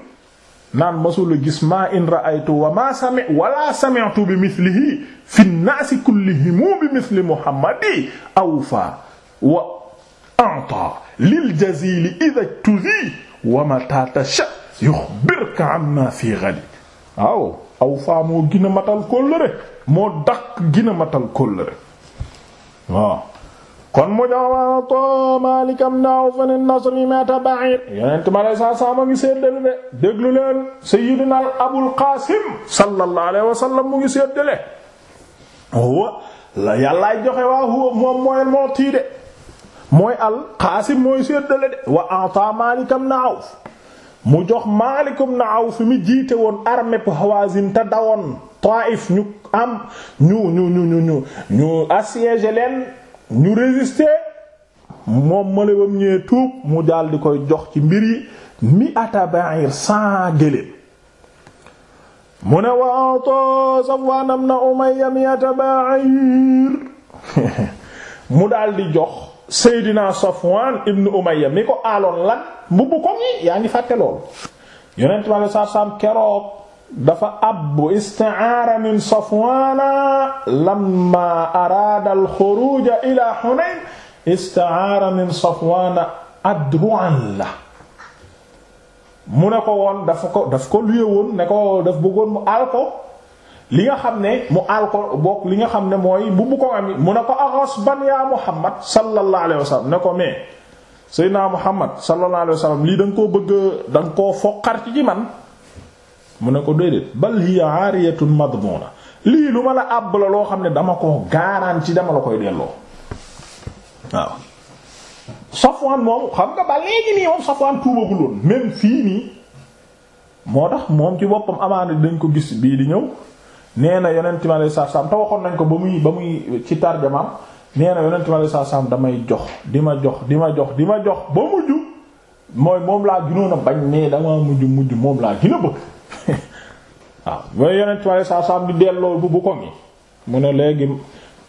naan a gis ma in ra'aytu wa ma sami wala sami'tu bi mithlihi fi nnaasi kullihim bi mithli muhammadi awfa wa a'ta lil jazili idha tuzi wa mata tasha yukhbirka amma fi ghadi waaw aw faa gina matal kóllëre moo daq gina matal kóllëre waaw kon mu jox ko maalikam naaw fa ne nasri mata ba'ir yonent ma lay saa ma ngi séddale de déglu leen sayyidina abul qasim sallallahu alayhi wa mu ngi séddale huwa la joxe waa huwa mooy moo de mooy alxaasim mooy séddale de wa ata maalikam na awf mu jox maalikum na awf mi jiite woon armée Hawazin te dawoon Taif ñu am ñu ñu ñu ñu ñu ñu assiégé leen ñu résister moom male bam tuub mu daal koy jox ci mbir mi ata ba'ir sans gëléem mu ne wa ata Safwan ibn Umayya mi ata mu daal jox Seydina Safwan ibn Umayya mi ko aaloon lan mbubb ko yaa ngi fàtte loolu yonent bi alei satu dafa abbu isti'aara min Safwaana lamma araada al ila Hunayn isti'aara min Safwaana adru'an la mu ne ko woon dafa ko luye woon ne ko daf bëggoon mu aal li nga xam ne mu aal bokk li nga xam ne mooy bu ko am mu ne ko aghasban yaa Muhammad sallallahu alayhi wa sallam ne ko mais Seydina Muhammad sallallahu alayhi wa sallam lii da nga koo bëgg da nga koo foqar ci ci man mu ne ko déedéet bal hiya aariyatun madmuna lii lu ma la àbb la loo xam ne dama ko gaaraan ci dama la koy delloo waaw Safwan moom xam nga ba léegi nii moom Safwan tuubaguloon même fii nii moo tax moom ci boppam amaana dañ ko gis bii di ñëw nee na yonent mi alayhi salaam te waxoon nañ ko ba muy ba muy ci tarjamaam nee na yonent mi alayhi salaam damay jox di ma jox di ma jox di ma jox ba mujj mooy moom laa gënoon a bañ nee dama mujj mujj moom laa gën a bëgg waaw mooy yonent mi alayhi salaam di delloo bu bu ko mi mu ne léegi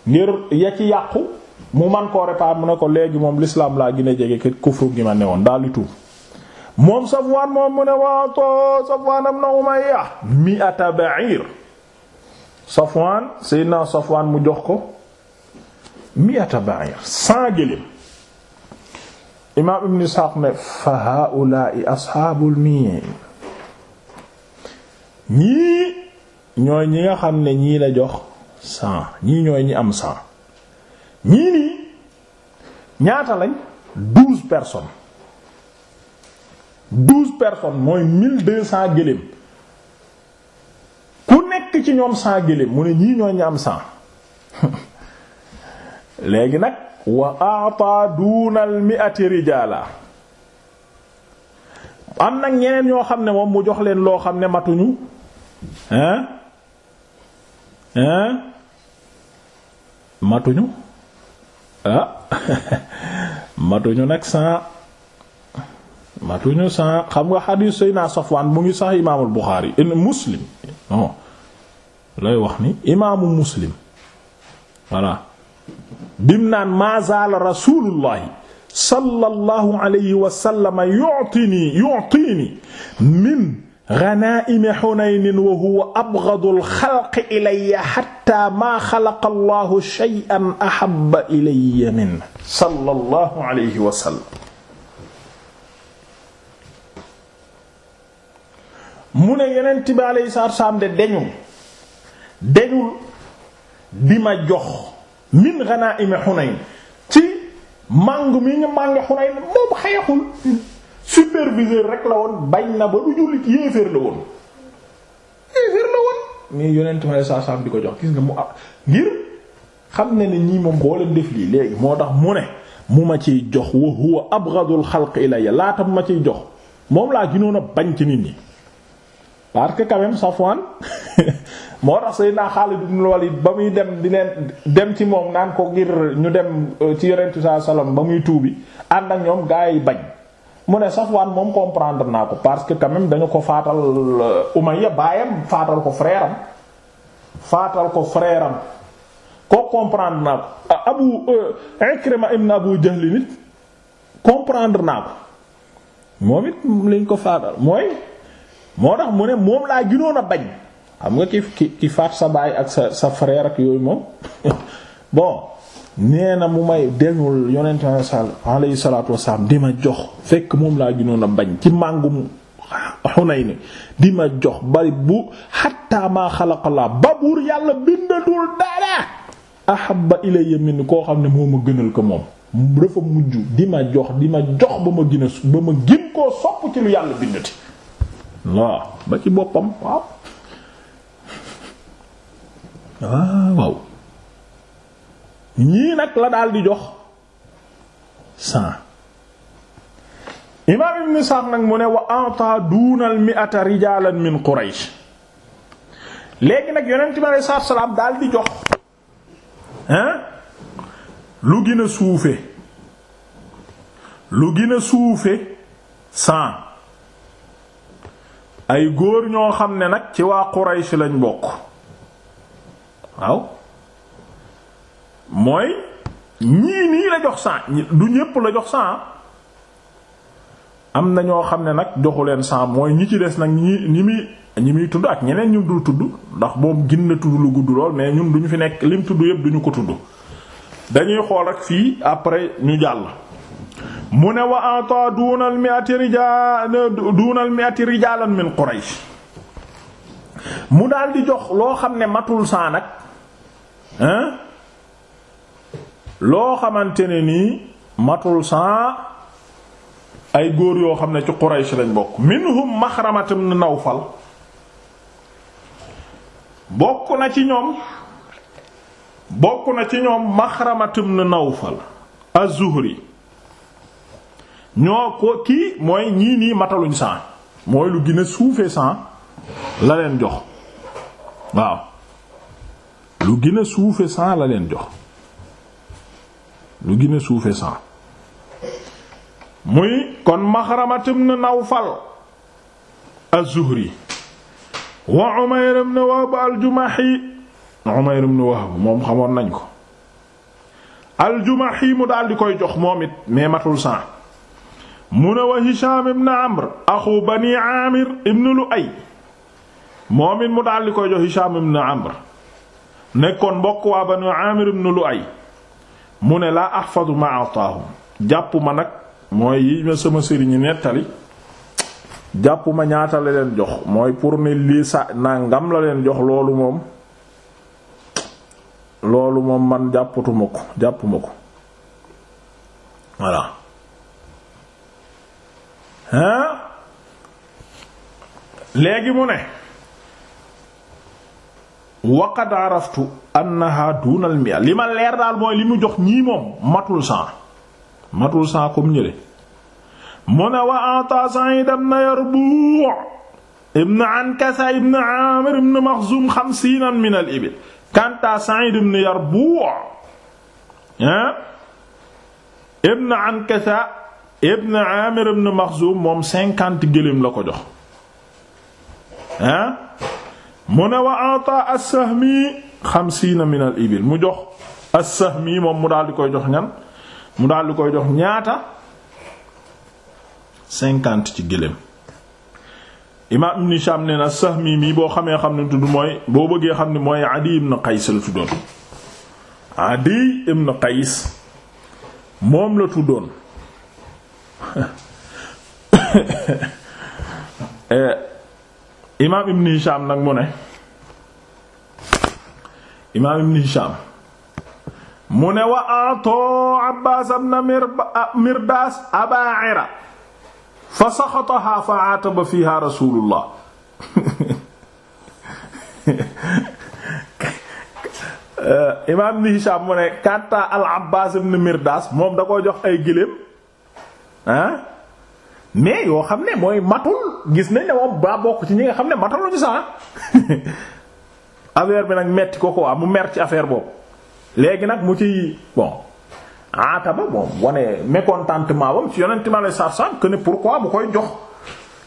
ngir ya ci yàqu mu man koo réparer mu ne ko léegi moom lislaam laa gën a jege kër kufru gi ma ne woon daal di tuub moom Safwaan moom mu ne waato Safwaan ibn Umayya mi'ata ba'ir Safwaan Seydina Safwaan mu jox ko miata ba'ir cent gëléem imaam Ibn Isxaaq ne fa haa'ulaa'i asxaabul miin ñii ñooy ñi nga xam ne ñii la jox cent ñii ñooy ñi am cent ñii nii ñaata lañ douze personnes douze mooy mille deux cents gëléem nekk ci ñoom cent gëléem mu ne ñii ñooy ñi am cent léegi nag wa ata dunal mi'ati rijala am nag ñeneen ñoo xam ne moom mu jox leen loo xam ne matuñu hein matuñu ah matuñu nag cent matuñu cent xam nga xadiis naa Safwaan mu ngi sax imaamul Buxaari in Muslim lay wax ni imaamu muslim voilà bim naan maa zaala rasulullahi sallallahu alayhi wa sallam yu'tini yu'tini min ghanaa'imi hunaynin wa huwa abghadul xalqi ilayya hatta maa xalaqa allahu shay'an ahabba ilayya min sallallahu alayhi wa sallam mu ne yeneen tibe alayhi salaam de dañu dañul di ma jox min ghanaa'im Hunayn ci màng mi ñu màng Hunayn moom xeexul superviseur rek la woon bañ na ba du jullit yéeféer la woon yéeféer la woon nii yonent ma saa saam di ko jox gis nga mu ab ngir xam ne ni ñii moom boo leen def lii léegi moo tax mu ne mu ma ciy jox wa huwa abghadul xalq ilayya laata mu ma ciy jox moom laa ginoon bañ ci nit ñi parce que quand même moo tax Seydina Xaalid ibn Walid ba muy dem di leen dem ci moom naan ko ngir ñu dem euh, ci yonent bi sallallahu alayhi ba muy tuubi ànd ak ñoom gaa yi bañ mu ne Safwaan moom comprendre naa ko parce que quand même dañu ko faatal euh, Umayya baayam faatal ko frère am faatal ko frère am ko comprendre naa ko ah, Abu euh, Ikrima ibn Abu Jahl nit comprendre naa ko moom it liñ ko faatal mooy moo tax mu ne moom laa ginoon a bañ xam nga ki ki faat sa baay ak sa sa frère yooyu moom bon nee na mu may deñul yonent alayhi salaatu wasalaam di ma jox fekk moom laa ginoon a bañ ci màngum Hunayn di jox bari bu hatta ma xalaqalaa ba buur yàlla bindatul dara ahabba ilayya min koo xam ne moo ma gënal ko moom dafa mujj di ma jox di ma jox ba ma gën a ba ma gën koo sopp ci lu yàlla bindati waaw ba ci boppam waaw Ah, waaw ñii nag la daldi jox cent imaam ibn nag mu ne wa ata duunal mi'ata rijaalan min Quraysh léegi nag yonent bi alayhi salaatu salaam daal di jox hein lu gën suufe lu gën suufe cent ay góor ñoo xam ne nag ci waa Quraysh lañ bokk waaw mooy ñii nii la jox cent du ñépp la jox cent am na ñoo xam ne nag joxu leen cent mooy ñi ci des nag ñi ñi muy ñi muy tudd ak ñeneen ñu dul tudd ndax moom gin na tudd lu gudd lool mais ñun du ñu fi nekk lim tudd yépp duñu ko tudd dañuy xool ak fii après ñu jàll mu ne wa ata duunal mi'ati rijaal duunal mi'ati rijaalan min Quraysh mu daldi jox loo xam ne matul saa nag hein loo xamante ne nii matul saa ay góor yoo xam ne ci Quraysh lañ bokk minhum maxramatam na Nawfal bokk na ci ñoom bokk na ci ñoom maxramatam Nawfal az ñoo ko kii mooy ñii nii mataluñ saa mooy lu gën suufee saa la leen jox waaw lu gën suufe cent la leen jox lu gën a suufe cent muy kon Maxramatu ibn Nawfal az-Zuhri wa Umayr ibn Wahb al-Jumahi Umayr ibn moom xamoon nañ ko al-Jumahi mu daal koy jox moom it mais mu ne wa Hisham ibn Amr axu Bani Amir ibn Lu'ay moom it mu daal di koy jox Hisham ibn Amr nekkoon mbokk waa Banu Amir ibn Lu'ay mu ne laa ahfadu ma ataahum jàpp ma nag mooy yi ma sama sëriñu nettali jàpp ma ñaata la leen jox mooy pour ne lii sa nangam la leen jox loolu moom loolu moom man jàppatuma ko jàppuma ko voilà hein léegi mu ne waqad araftu annaha dunal li ma leer daal mooy li mu jox ñii moom matul cent matul cent comme ñële mu ne wa ata Sa'id ibn Yarbu' ibn Ankasa ibn Amir ibn Makhzum xamsiina min al ibil kanta Sa'id ibn Yarbu' ah ibn Ankasa ibn Amir ibn Makhzum moom cinquante gëléem la ko jox ah mu ne wa ata as-sahmi xamsiina min ibil mu jox as-sahmi moom mu daal di koy jox ñan mu daal di koy jox ñaata cinquante ci gëléem imaam ibn Hisham nee na as mii boo xamee xam ne tudd mooy boo bëggee xam ne mooy Adi ibn Qays la tuddoon Adi ibn Qays moom la tuddoon eh, imaam ibn Hisham mu ne wa ato Abbaas ibn Mirdaas aba'ira fa saxataha fa aataba fiha Rasulullah imaam ibn Hisham mu ne kàtta al Abbaas ibn Mirdaas moom da ko jox ay gëléem ah, yoo xam ne mooy matul gis nañ ne moom daa bokk ci ñi nga xam ne mataloon ci ah affaire bi nag metti ko quoi mu mer ci affaire boobu léegi nag mu ci bon ataba moom wane mécontentement bam ci yonent ma lay sarsam que ne pourquoi mu koy jox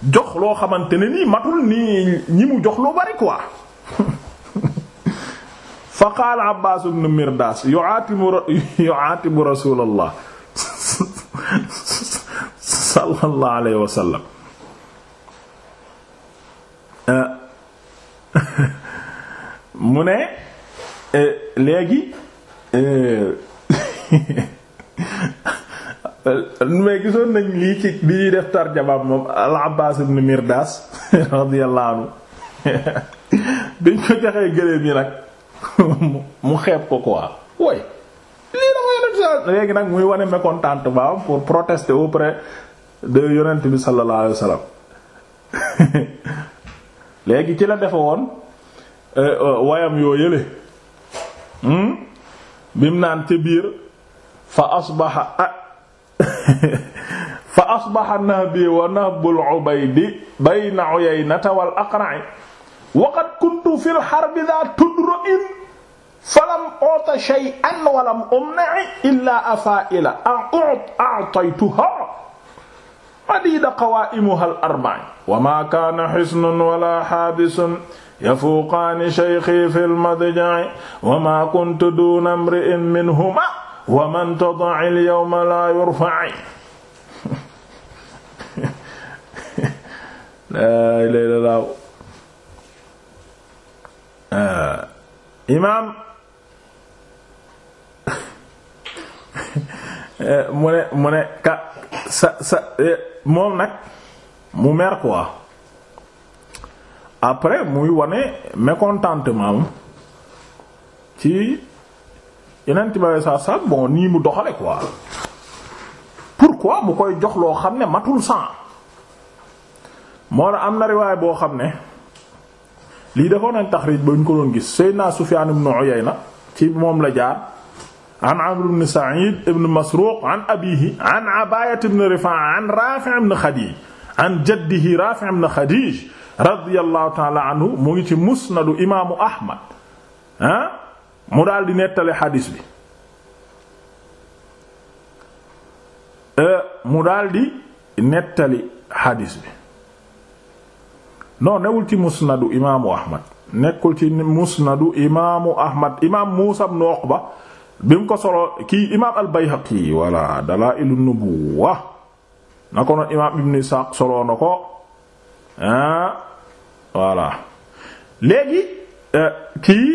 jox loo xamante ni nii matul nii ñi mu jox lu bari quoi fa qaala Abbaas ibn Mirdaas yu'aatibu yu'aatibu rasuulallah sallallahu alayhi Euh, mu ne euh, léegi euh, mais gisoon nañ lii bi def tarjamaam moom al-Abbaas ibn Mirdaas radiyallahu anhu biñ ko joxee gëléem yi nag mu xeeb ko quoi léegi nag muy wane mécontentement pour protester auprès de yonent bi sallallahu alayhi wasallam léegi ci la defe woon euh, euh, wayam yoo yële hmm? bim naan ca biir fa asbaxa ah fa asbaxa nahbi wa nahbul ubaydi bayna uyaynata wal aqra'i wa qad kuntu fil harbi dha tudru'in falam uta shay'an walam umna'i illa afa'ila a'taytuha adida qawaa'imuha al arba'i wa ma kaana xisnun wala xaabisun yafuuqaani shaykhi fi lmadja'i wa ma kuntu duuna imri'in minhuma wa man tada'i al yawma la yurfa'i laa ilaaha illallaah imaam Eh, mu ne mu ne ka sa sa eh, moom nag mu mer quoi après muy wane mécontentement ci yeneen tibere saa saa bon nii mu doxale quoi pourquoi mu koy jox loo xam ne matul sang moo la am na riwaay boo xam ne lii defoon nañ taxriij ba ñu ko doon gis Seydina Sufyaan ibn na ci moom la jaar an Amr ibn Sa'id ibn Masruq an abiihi an Abaaya ibn Rifaa an Raafi' ibn Xadiij an jaddihi Raafi' ibn Xadiij radiyallahu ta'ala anhu mu ngi ci musnadu imaamu Ahmad ah mu daal di nettali xadiis bi eh, mu daal di nettali xadiis bi non newul ci musnadu imaamu Ahmad nekkul ci musnadu imaamu Ahmad imaam Muusaa ibn Uqba bi mu ko solo kii imaam al-Bayhaqi walla Dalaa'ilun Nubuwwa na ko noon imaam Ibn Isaaq solo na ko ah voilà léegi euh, kii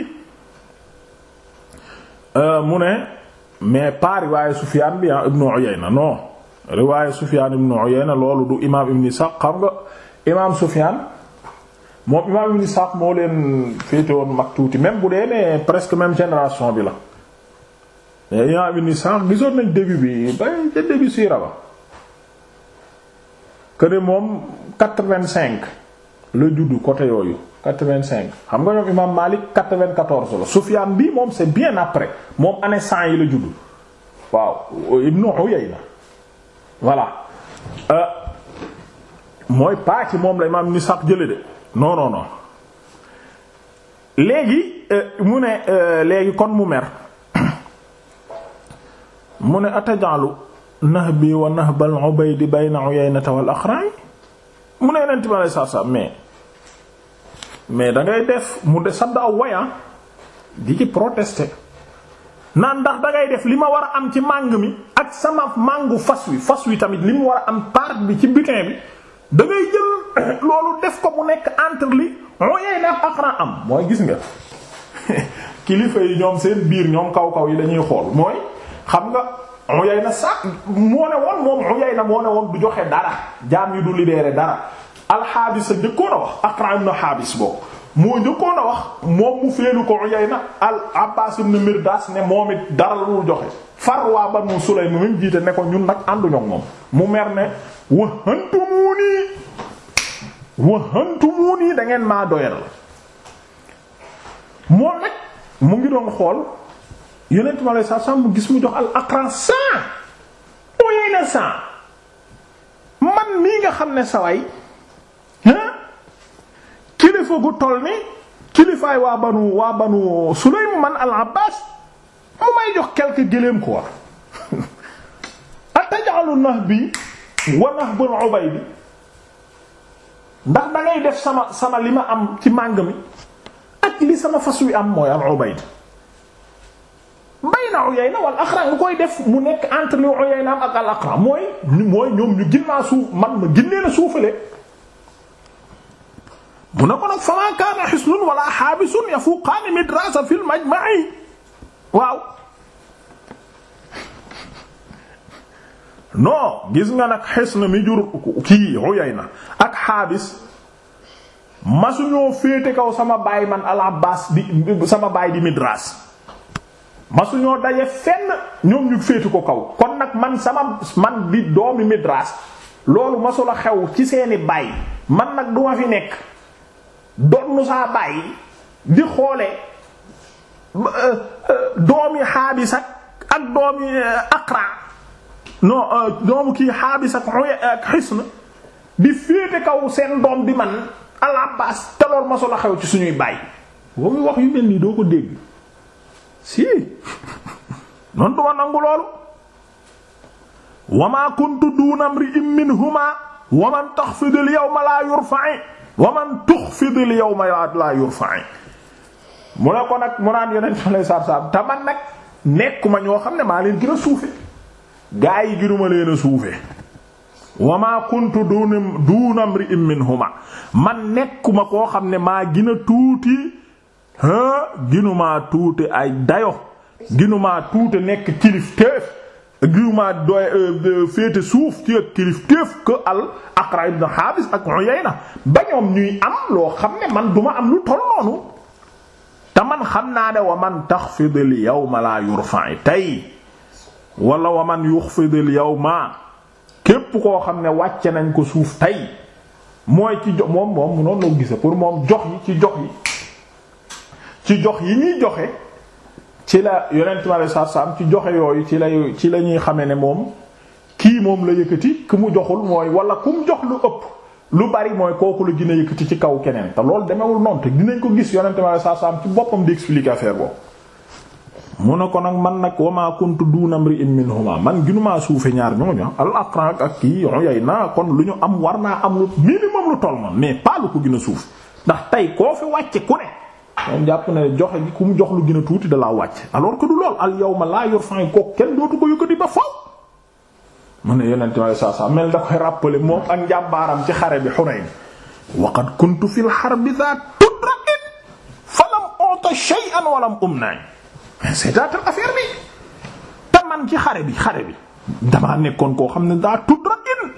euh, mu ne mais pas riwaaye Sufyaan bi ah Ibn Uyayna non riwaaye Sufyaan Ibn Uyayna loolu du imaam Ibn Isaaq xam nga imaam Sufyaan moom imaam Ibn Isaaq moo leen féete woon mag tuuti même bu dee ne presque même génération bi la. Eh, yaa bi ni sànq gisoon nañ début bi ba ca début siira ba këne moom quatre vingt la juddu côté yooyu quatre xam nga ñoom imaam Maalik quatre-vingt-quatorze la bi moom c'est bien après moom année cent yi la juddu waaw Ibnu Uyayna voilà euh, mooy paa ci moom la imaam ni sax jële de non léegi euh, mu ne euh, léegi kon mu mer mu ne atajaalu nahbi wa nahbal ubaydi bayna uyaynata wal aqra'i mu ne yeneen time ale saab mais mais dangay def mu de sadd aw ah, di ci protester naan ndax dangay def li ma war a am ci màng mi ak sama màngu fas wi fas wi tamit li mu war a am part bi ci butin bi dangay jël loolu def ko mu nekk entre li Uyayna ak Aqra am mooy gis nga kilifa yi ñoom seen biir ñoom kaw kaw yi lañuy xool mooy xam nga Uyayna moo ne woon moom moo ne woon du joxe dara jaam yi du libéré dara alxaabis a njëkkoon a wax Aqra ibn Haabis boobu moo njëkkoon a wax moom mu féelu ko Uyayna mu jiite ne ko ñun nag ànduñu ak moom mu mer ne wahantumuni wahantumuni da ngeen maa doyal moom nag mu ngi doon xool yonent ma lay saa saa mu gis mu jox al aqran cent man mii nga xam ne saway kilifa gu toll ni kilifaay waa banu waa banu Sulaym man al Abbas mu may jox quelque gëléem quoi atajalu nahbi wa nahbu Ubayd bi ndax da def sama sama li ma am ci màng mi ak li sama fas wi am mooy al Ubayd bay na Uyayna wal Aqra koy def mu nekk entre le Uyayna am ak al Aqra mooy mooy ñoom ñu ginnaa suuf man ma ginnee na suufale mu ne ko nag fama kaana xislun wala xaabisun yafuqaani midrasa fil majma'i waaw non gis nga nag xisn mi jur kii Uyayna ak xaabis masuñoo féete kaw sama baay man al Abbaas di sama baay di midras ma su ñoo fenn ñoom ñu féetu ko kaw kon nag man sama man di doomi midras loolu masula xew ci seeni baay man nag duma fi nekk donnu saa baay di xoole euh, euh, doomi xaabis ak ak doomi euh, Aqra non kii xaabis ak ak xisn di féete kaw seen doom bi man al Abbaas te loolu la xew ci suñuy baay boo muy wax yu mel nii doo ko dégg si noonu duma nangu loolu wamaa kuntu duuna mri'in minhumaa wa man taxfidil yawma laa yurfa'i wa man tuxfidil yawma mu ne ko nag mu naan yonent fa lay saab saab te man nag nekkuma ñoo xam ne maa leen gën suufe gaa yi gënuma leen a suufe wamaa kuntu duuna duuna mri'in minhumaa man nekkuma koo xam ne maa gën tuuti ginumaa tuute ay dayo ginumaa tuute nekk kilif téef ginumaa doy euh, féete suuf ci ak kilif téef que al Aqra ibn Habis ak Uyayna ba ñoom ñuy am loo xam ne man duma am lu toll noonu te man xam naa ne wa man tax taxfid al yawma la yi tey wala wa man yuxfid al ma képp koo xam ne wàcce nañ ko suuf tey mooy ci jox moom moom noonu la gise pour moom jox yi ci jox yi ci jox yi ñuy joxe ci la yonent mi alayhi salaatu salaam ci joxe yooyu ci lay ci la ñuy xame ne moom kii moom la yëkkati ku mu joxul mooy wala ku mu jox lu ëpp lu bari mooy kooku lu gën a yëkkati ci kaw keneen te loolu demewul noonu te dinañ ko gis yonent mi alayhi salaatu salaam ci boppam di expliquer affaire boobu. mu ne ko nag man nag wama kuntu duuna mri'in minhuma man ginumaa suufe ñaar ñooñu al aqra ak kii yooyu naa kon lu ñu am war naa am lu minimum lu toll ma mais pas ko moom jàpp na ne joxe gi ku mu jox lu gën tuuti da laa wàcc alors que du lool al yawma laa yurfa'u kooku kenn dootu ko yëkkati ba faw mu ne yonent ma saa saa mel da koy rappeler moom ak njàmbaaram ci xare bi Hunayn waqad kuntu fil harbi zaat tudrakin falam uta shay'an walam ci xare bi xare bi damaa nekkoon koo xam ne daa tudrakin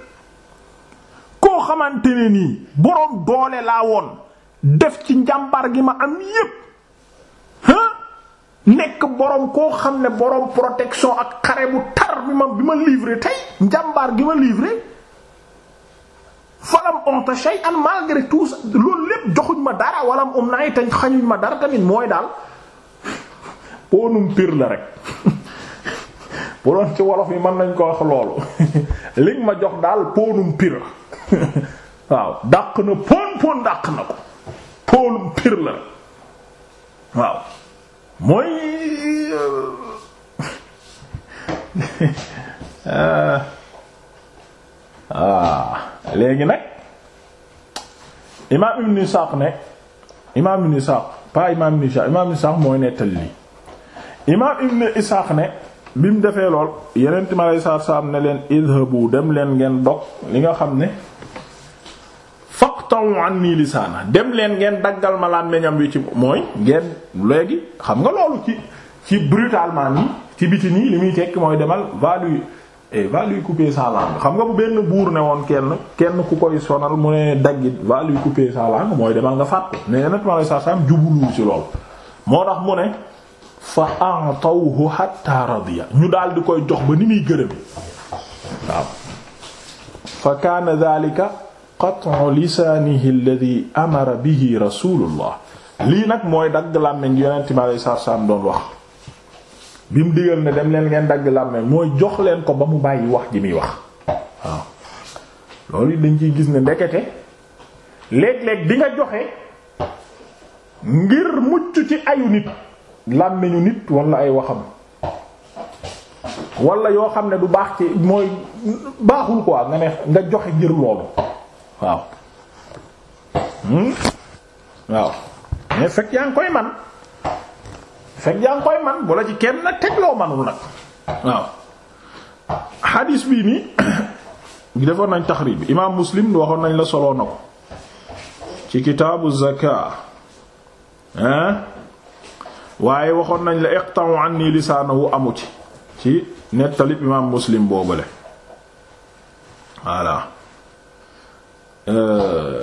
koo xamante ne nii boroom doole laa woon def ci njàmbaar gi ma am yépp nekk boroom koo xam ne borom protection ak xare bu tar bi ma bi ma livré tey njàmbaar gi ma livré falam onta shay an malgré tout loolu lépp joxuñ ma dara walam um naay tañ xañuñ ma dara tamit mooy daal ponum piir la rek bu doon ci wolof yi man nañ ko wax loolu liñ ma jox daal ponum piir waaw dàq na pon pon dàq na ko póolum piir la waaw mooy euh, ah, léegi nag imaam ibn Isaaq ne imaam ibn Isaaq pas imaam ibn Isaaq imaam ibn Isaaq mooy nettali lii imaam ibn Isaaq ne bi mu defee lool yeneen time alay saab saab ne leen idhabu dem leen ngeen dog li nga xam ne faqta'u anni lisaana dem leen ngeen daggal ma laan meñam wi ci mooy ngeen léegi xam nga loolu ci ci brutalement yi ci biti nii li muy tekki mooy demal va lui eh, va lui couper xam nga bu benn buur ne woon kenn kenn ku koy sonal mu ne daggit va lui couper mooy demal nga fàtte mais yonent ma lay saa saam jubuluwu ci lool moo tax mu ne fa a'tawhu hatta radiya ñu daal di koy jox ba ni muy gërëm waaw fa kaana dhalika qat'u lisaanihi alladhi amara bihi rasulullah lii nag mooy dagg làmmiñ yonent mi alayhi salaatu salaam bi mu leen ngeen dagg làmmiñ mooy jox leen ko ba mu bàyyi wax ji muy wax waaw loolu dañ gis ne ndekete léeg-léeg nga joxe ngir mucc nit làmmiñu ay waxam wala yoo xam ne du baax ci mooy baaxul quoi nga ne nga joxe ngir loolu waaw hmm? waaw mais fekk yaa ngi koy man fekk yaa ngi koy man bu ci kenn teg loo manul nag waaw xadiis bii nii defoon nañ taxriib bi imaam muslim waxoon nañ la soloo na ko ci kitaabu zakaa hein waaye waxoon nañ la iqta'u anni lisaanahu amu ci ci nettalib imaam muslim boobale voilà Euh,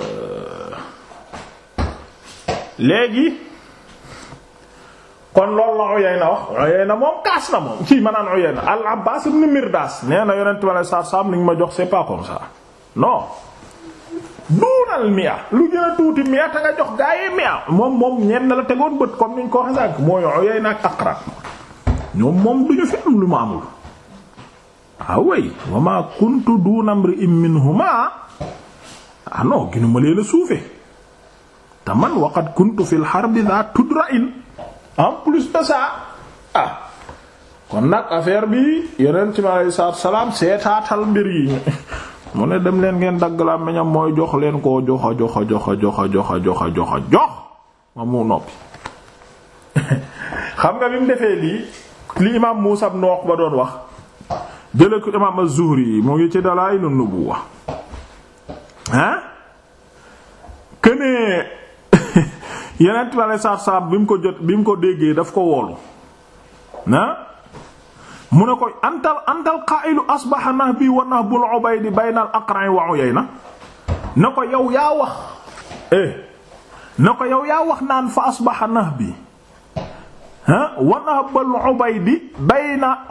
léegi kon loolu la Uyayna wax Uyayna moom kaas na moom kii ma naan Uyayna al Abbaas ibn Mirdaas nee na yonent ma ne saab saab ni ñu ma jox c'est pas comme ça non duunal mia lu gën a tuuti mia te nga jox gaa yi mia moom moom ñenn la tegoon bët comme ni ko waxee sànk mooy Uyayna ak ah kuntu duuna imri'in ah non leen a suufe te man waqad kuntu fil harbi za tudra'in en plus de ça ah, kon nag affaire bi yeneen ci alayhi salaam seetaatal mbir yi mu ne dem leen ngeen dagg la meñam mooy jox leen jox joxa jox joxa joxa joxa joxa joxa jox ma mu noppi xam nga bi mu defee lii li imaam Muusaa ibn doon wax jële ko imaam az-Zuhri mu ngi ci Dalaa'ilun Nubuwwa ah que ne yeneen tubaab saab bi mu ko jot bi mu ko déggee daf ko woolu ah mu ne ko antal antal qaa'ilu asbaha nahbi wa nahbul ubaydi bayna al yu wa uyayna na ko yow yaa wax eh na ko yow yaa wax naan fa asbaha nahbi ah wa nahbul ubaydi bayna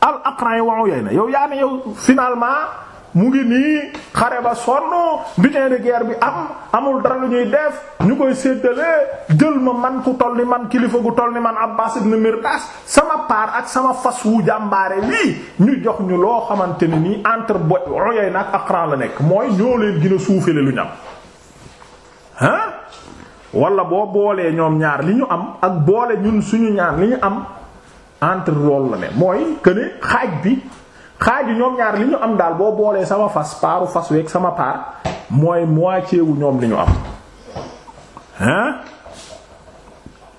al aqra'i wa na yow yaa ne yow finalement. mu ngi nii xare ba sonn butin de guerre bi am amul dara lu ñuy def ñu koy séddalee jël ma man ku toll ni man kilifa gu toll ni man Abbas ibn Mirdas sama paar ak sama fas wu jàmbaare wii ñu jox ñu loo xamante ni nii entre bo oyey nag Aqra la nekk mooy ñoo leen gën a lu ñu am ah wala boo boolee ñoom ñaar li ñu am ak boole ñun suñu ñaar li ñu am entre loolu la ne mooy que xaaj bi. xaaju ñoom ñaar li ñu am daal boo boolee sama fas paaru fas weeg sama paar mooy moitié wu ñoom li ñu am hein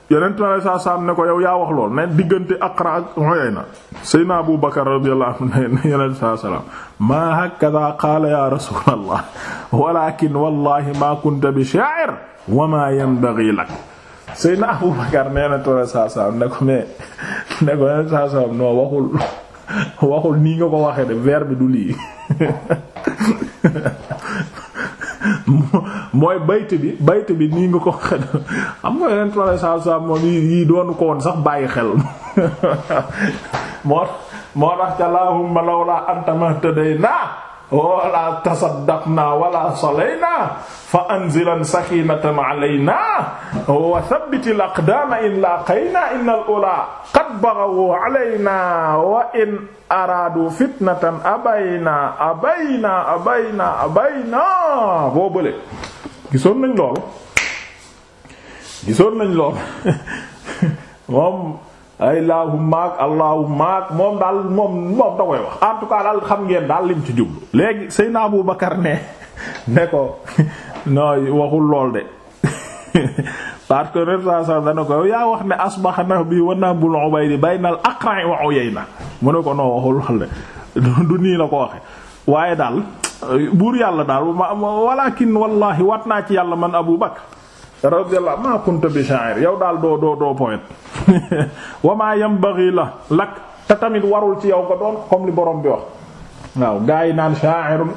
yeneen tunaale saa ne ko yow yaa wax lool ne diggante Aqra ak Uyayna Seydina Abu Bakar radiyallahu anhu ne yeneen saa salaam maa hakada rasuulallah wallaahi maa kunta bi shaa'ir wa maa yanbaghii lak Seydina Abu Bakar nee na tunaale saa saam ne ko mais ne ko yeneen saa noo waxul. waxul nii nga ko waxee de verbe du lii mooy bayt bi bayt bi nii nga ko waxee xam nga yeneen trois cent soixante moom yi doonu ko woon sax bàyyi xel moo moo tax ca allahumma lawla anta mahtadayna wala tasaddaqnaa wala salaynaa fa anzilan sakiinatan alaynaa wa thabbitil aqdaama in laaqaynaa innal ulaa qad baghaw alaynaa wa in araadu fitnatan abaynaa abaynaa abaynaa abaynaa boo bële gisoon nañ loolu gisoon nañ loolu moom ay laahummaak allahummaak moom daal moom moom da wax en daal xam ngeen daal lim ci jublu léegi Seydina Abu Bakar ne ne ko nooy waxul lool de parce que retraçage dana ko yaa wax ne asbaha nahbi wa nahbul ubaydi bayna al aqra'i wa uyayna mu ne ko noo waxul lool de du nii la ko waxe waaye daal buur yàlla daal walakin wallahi wat naa ci yàlla man Abu Bakar radiyallahu maa kunta bi sha'ir yow daal doo doo doo poète wa maa la lak te tamit warul ci yow nga doon comme li borom bi wax waaw gaa yi naan sha'irun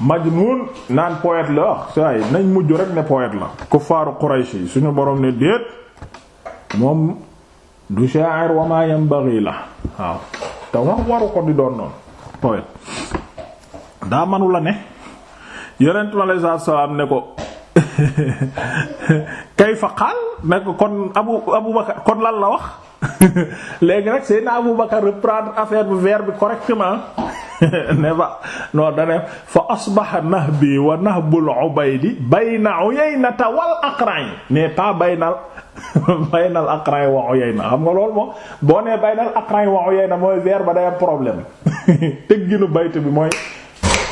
majnun naan poète la wax saa yi nañ mujj rek ne poète la kuffaaru Quraysh yi suñu borom ne déet moom du sha'ir wa maa yanbaghi la waaw te wax waru ko di doon noonu poète daa manu ne yonent mi alayhi salaam ne ko kayfa qaal nag kon abu abu bakar kon lan la wax léegi nag Seydina abu bakar reprendre affaire bu verbe bi correctement ne ba non da ne fa asbaha nahbi wa nahbul ubaydi bayna uyaynata wal aqra'i mais pas baynal baynal aqra'i wa uyayna xam nga loolu moom boo nee baynal aqra'i wa uyayna mooy verbe ba day am problème tëgginu baytu bi mooy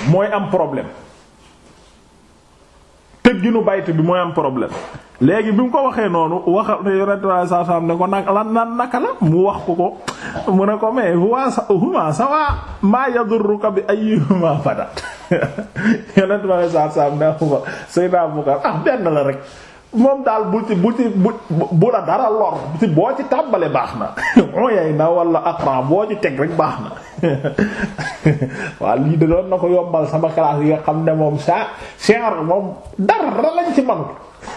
mooy am problème tëgginu bayt bi mooy am problème léegi bi mu ko waxee noonu wax yonent bi saa saa ne ko nag lan lan naka la mu wax ko ko mu ne ko mais huwa sa huma sawa maa yadurruka bi ayyihuma fadat yonent bi saa saa ne ko Seydina Abubakar ah benn la rek moom daal bu ci bu ci bu bu la dara lor boo ci tàmbale baax na. ooyay na wala aqra boo ci teg rek baax na. waaw lii de doon na ko yombal sama classe yi nga xam ne moom saa seer ci manut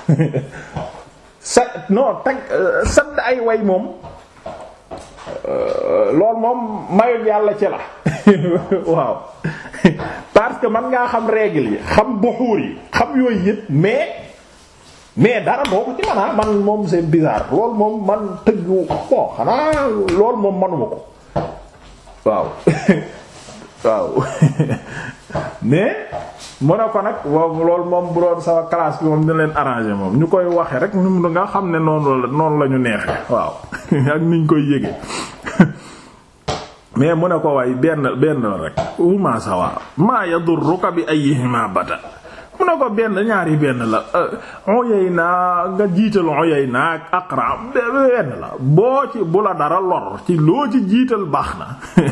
euh, ay way moom euh, loolu moom mayu yàlla ci la waaw parce que man ngaa xam règle yi xam buxuur yi xam yooyu yëpp mais mais dara boo ko ci man ah, man moom c'est bizarre loolu moom man tëgg bon xanaa loolu moom manuma ko waaw waaw mais mu ne ko nag waaw loolu moom bu doon sama classe bi moom dina leen arranger moom ñu koy waxe rek ñu nga xam ne noonu la noonu la ñu neexe waaw ak niñ koy yége mais mu ne ko waay benn benn rek uma sawa ma yadurruka bi ayyihima bata mu ne ko benn ñaari benn la eh, Uyayna nga jiital Uyayna ak Aqra benn dara lor ci loo ci jiital baax na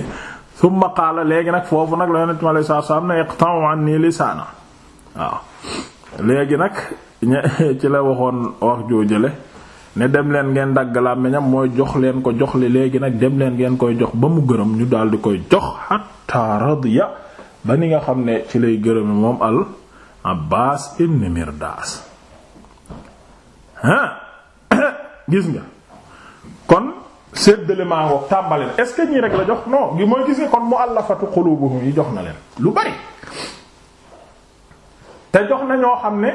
summa qaala léegi nag foofu nag la yonent mi alayhi salaatu salaam ne iqta'u anni lisaana waaw léegi nag ci la waxoon wax joojale ne dem leen ngeen dagg làmmiñam mooy jox leen ko jox li léegi nag dem leen ngeen koy jox ba mu gërëm ñu daldi koy jox hatta radiya ba ni nga xam ne ci lay gërëme moom al Abbaas ibn Mirdaas ah gis nga kon séddale maa tàmbali na est-ce que ñii rek la jox non gi mooy gis nga kon mu'allafatu qulubuhum yi jox na leen lu bari te jox na ñoo xam ne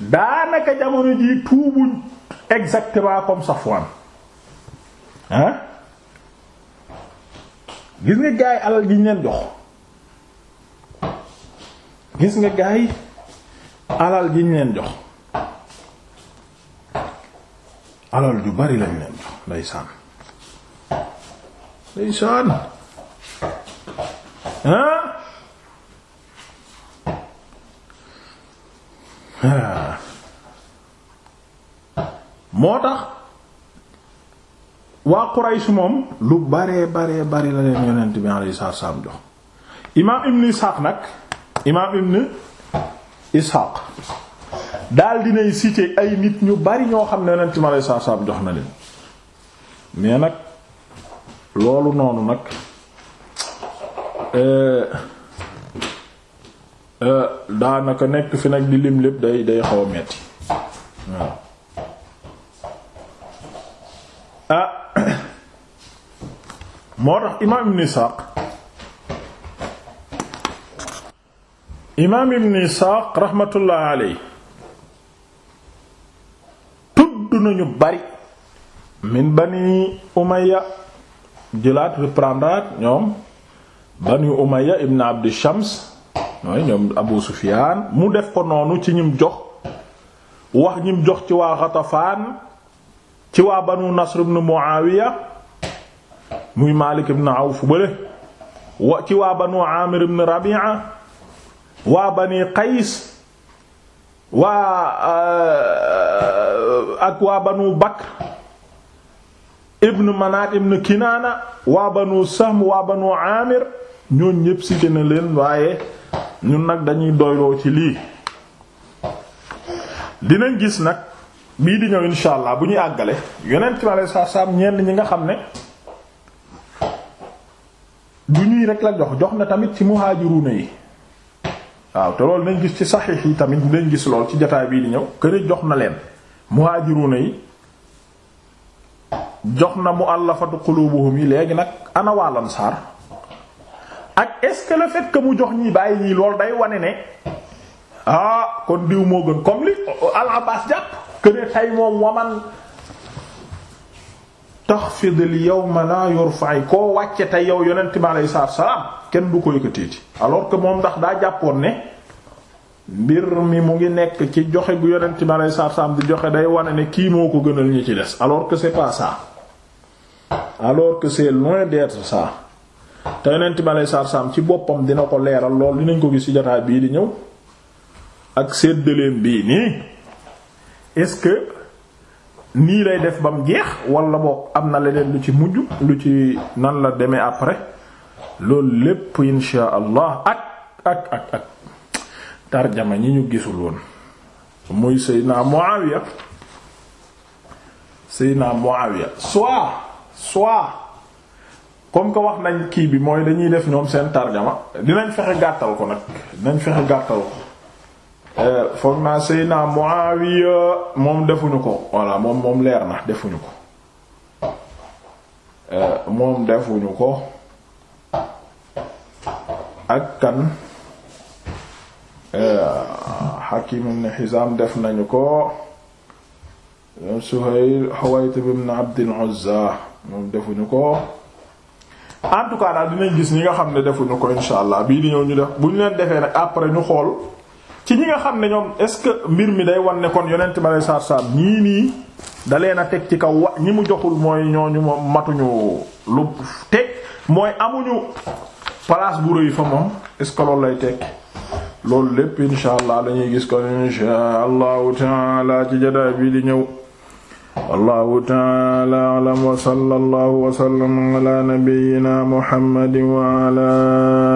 daanaka jamono jii tuubuñ exactement comme Safwan ah gis nga gaay alal gi leen jox gis nga gaa alal ji ñu leen jox alal ju bari lañ leen jox ndeysaan ndeysaan ah moo tax waa Quraysh moom lu baree baree bari la leen yonent bi alayhi salaam jox imaam Ibn Ishaq nag imaam ibn Ishaq daal dinay cité ay nit ñu bari ñoo xam ne yonent ma alayhi salaatu salaam jox na leen mais nag loolu noonu nag euh, euh, daanaka nekk fi nag di lim lépp day day xaw a metti waaw ah, moo tax imaam ibn Ishaq imaam ibn Isaaq raxmatullaahi aley tudd nañu bari min bani Umayya jëlaat reprendre ñoom bani Umayya ibn Abdi Shams mooy ñoom Abu Sufyaan mu def ko noonu ci ñim jox wax ñim jox ci waa Ghatafaan ci waa banu Nasr ibn Muawiya muy Maalik ibn Awf bële wa ci waa banu Aamir ibn Rabi'a waa bani qays waa euh, ak waa banu bakr ibn manaat ibn kinaana waa banu sahm waa banu amir ñooñ ñépp si gën a leen waaye ñun nag dañuy doyloo ci lii dinañ gis nag bii di ñëw insha allah bu ñuy àggale yonent mi aleyhi salaatu salaam ñenn ñi nga xam ne du ñuy rek la jox jox na tamit ci muhaajiruuna yi waaw te loolu nañ gis ci saxiix yi tamit nañ gis lool ci jataay bii di ñëw këri jox na leen muhajiruna yi jox na mu'allafatu qulubuhum yi léegi nag ana wal ak est-ce mu jox ñi bàyyi ñii loolu day wane ne ah kon diw moo gën comme li al abbas jàpp que moom waman taxfid ma laa la yurfa'i koo wàcce te yow yonent bi alayhi salaatu wa salaam kenn du ko yëkkateeti alors que moom ndax daa jàppoon ne mbir mi mu ngi nekk ci joxe gu yonent bi alayhi salaatu wa salaam di joxe day wane ne kii moo ko gënal ñi ci des alors que c'est pas ça alors que c'est loin d'être ça te yonent bi alayhi salaatu salaam ci boppam dina ko leeral lool dinañ ko gis ci jotaay bii di ñëw ak séddaleem bii nii nii lay def ba mu jeex wala boog am na leneen lu ci mujj lu ci nan la demee après loolu lépp insha allah ak ak ak ak tarjama ñi ñu gisul woon muy sëy naa Seydina Muawiya soit soit comme que wax nañ kii bi mooy dañuy def ñoom seen tarjama dinañ fexe gàttal ko nag dinañ fexe gàttal ko Euh, foog naa Seydina Muawiya moom defuñu ko voilà moom moom leer na defuñu ko euh, moom defuñu ko ak kan euh, Hakim ibn Hizam def nañu ko ñoom Suhayl Huwaytib ibn Abd al-Uzza moom defuñu ko en tout cas daal dinañ gis ñi nga xam ne defuñu ko insha bii di ñëw ñu def bu ñu leen defee nag après ñu xool ci ñi nga xam ne ñoom est-ce que mbir mi day wan ne kon yonent ma lay saar saar ñii nii da leen a teg ci kaw wa ñi mu joxul mooy ñooñu moom matuñu lu teg mooy amuñu place bu rëy fa moom est-ce que loolu lay teg loolu lépp insha allah lañuy gis kon insha allahu taala ci jotaay bi di ñëw wallahu taala alam wa sallallahu wa sallam ala nabiyyina muhammadin wa ala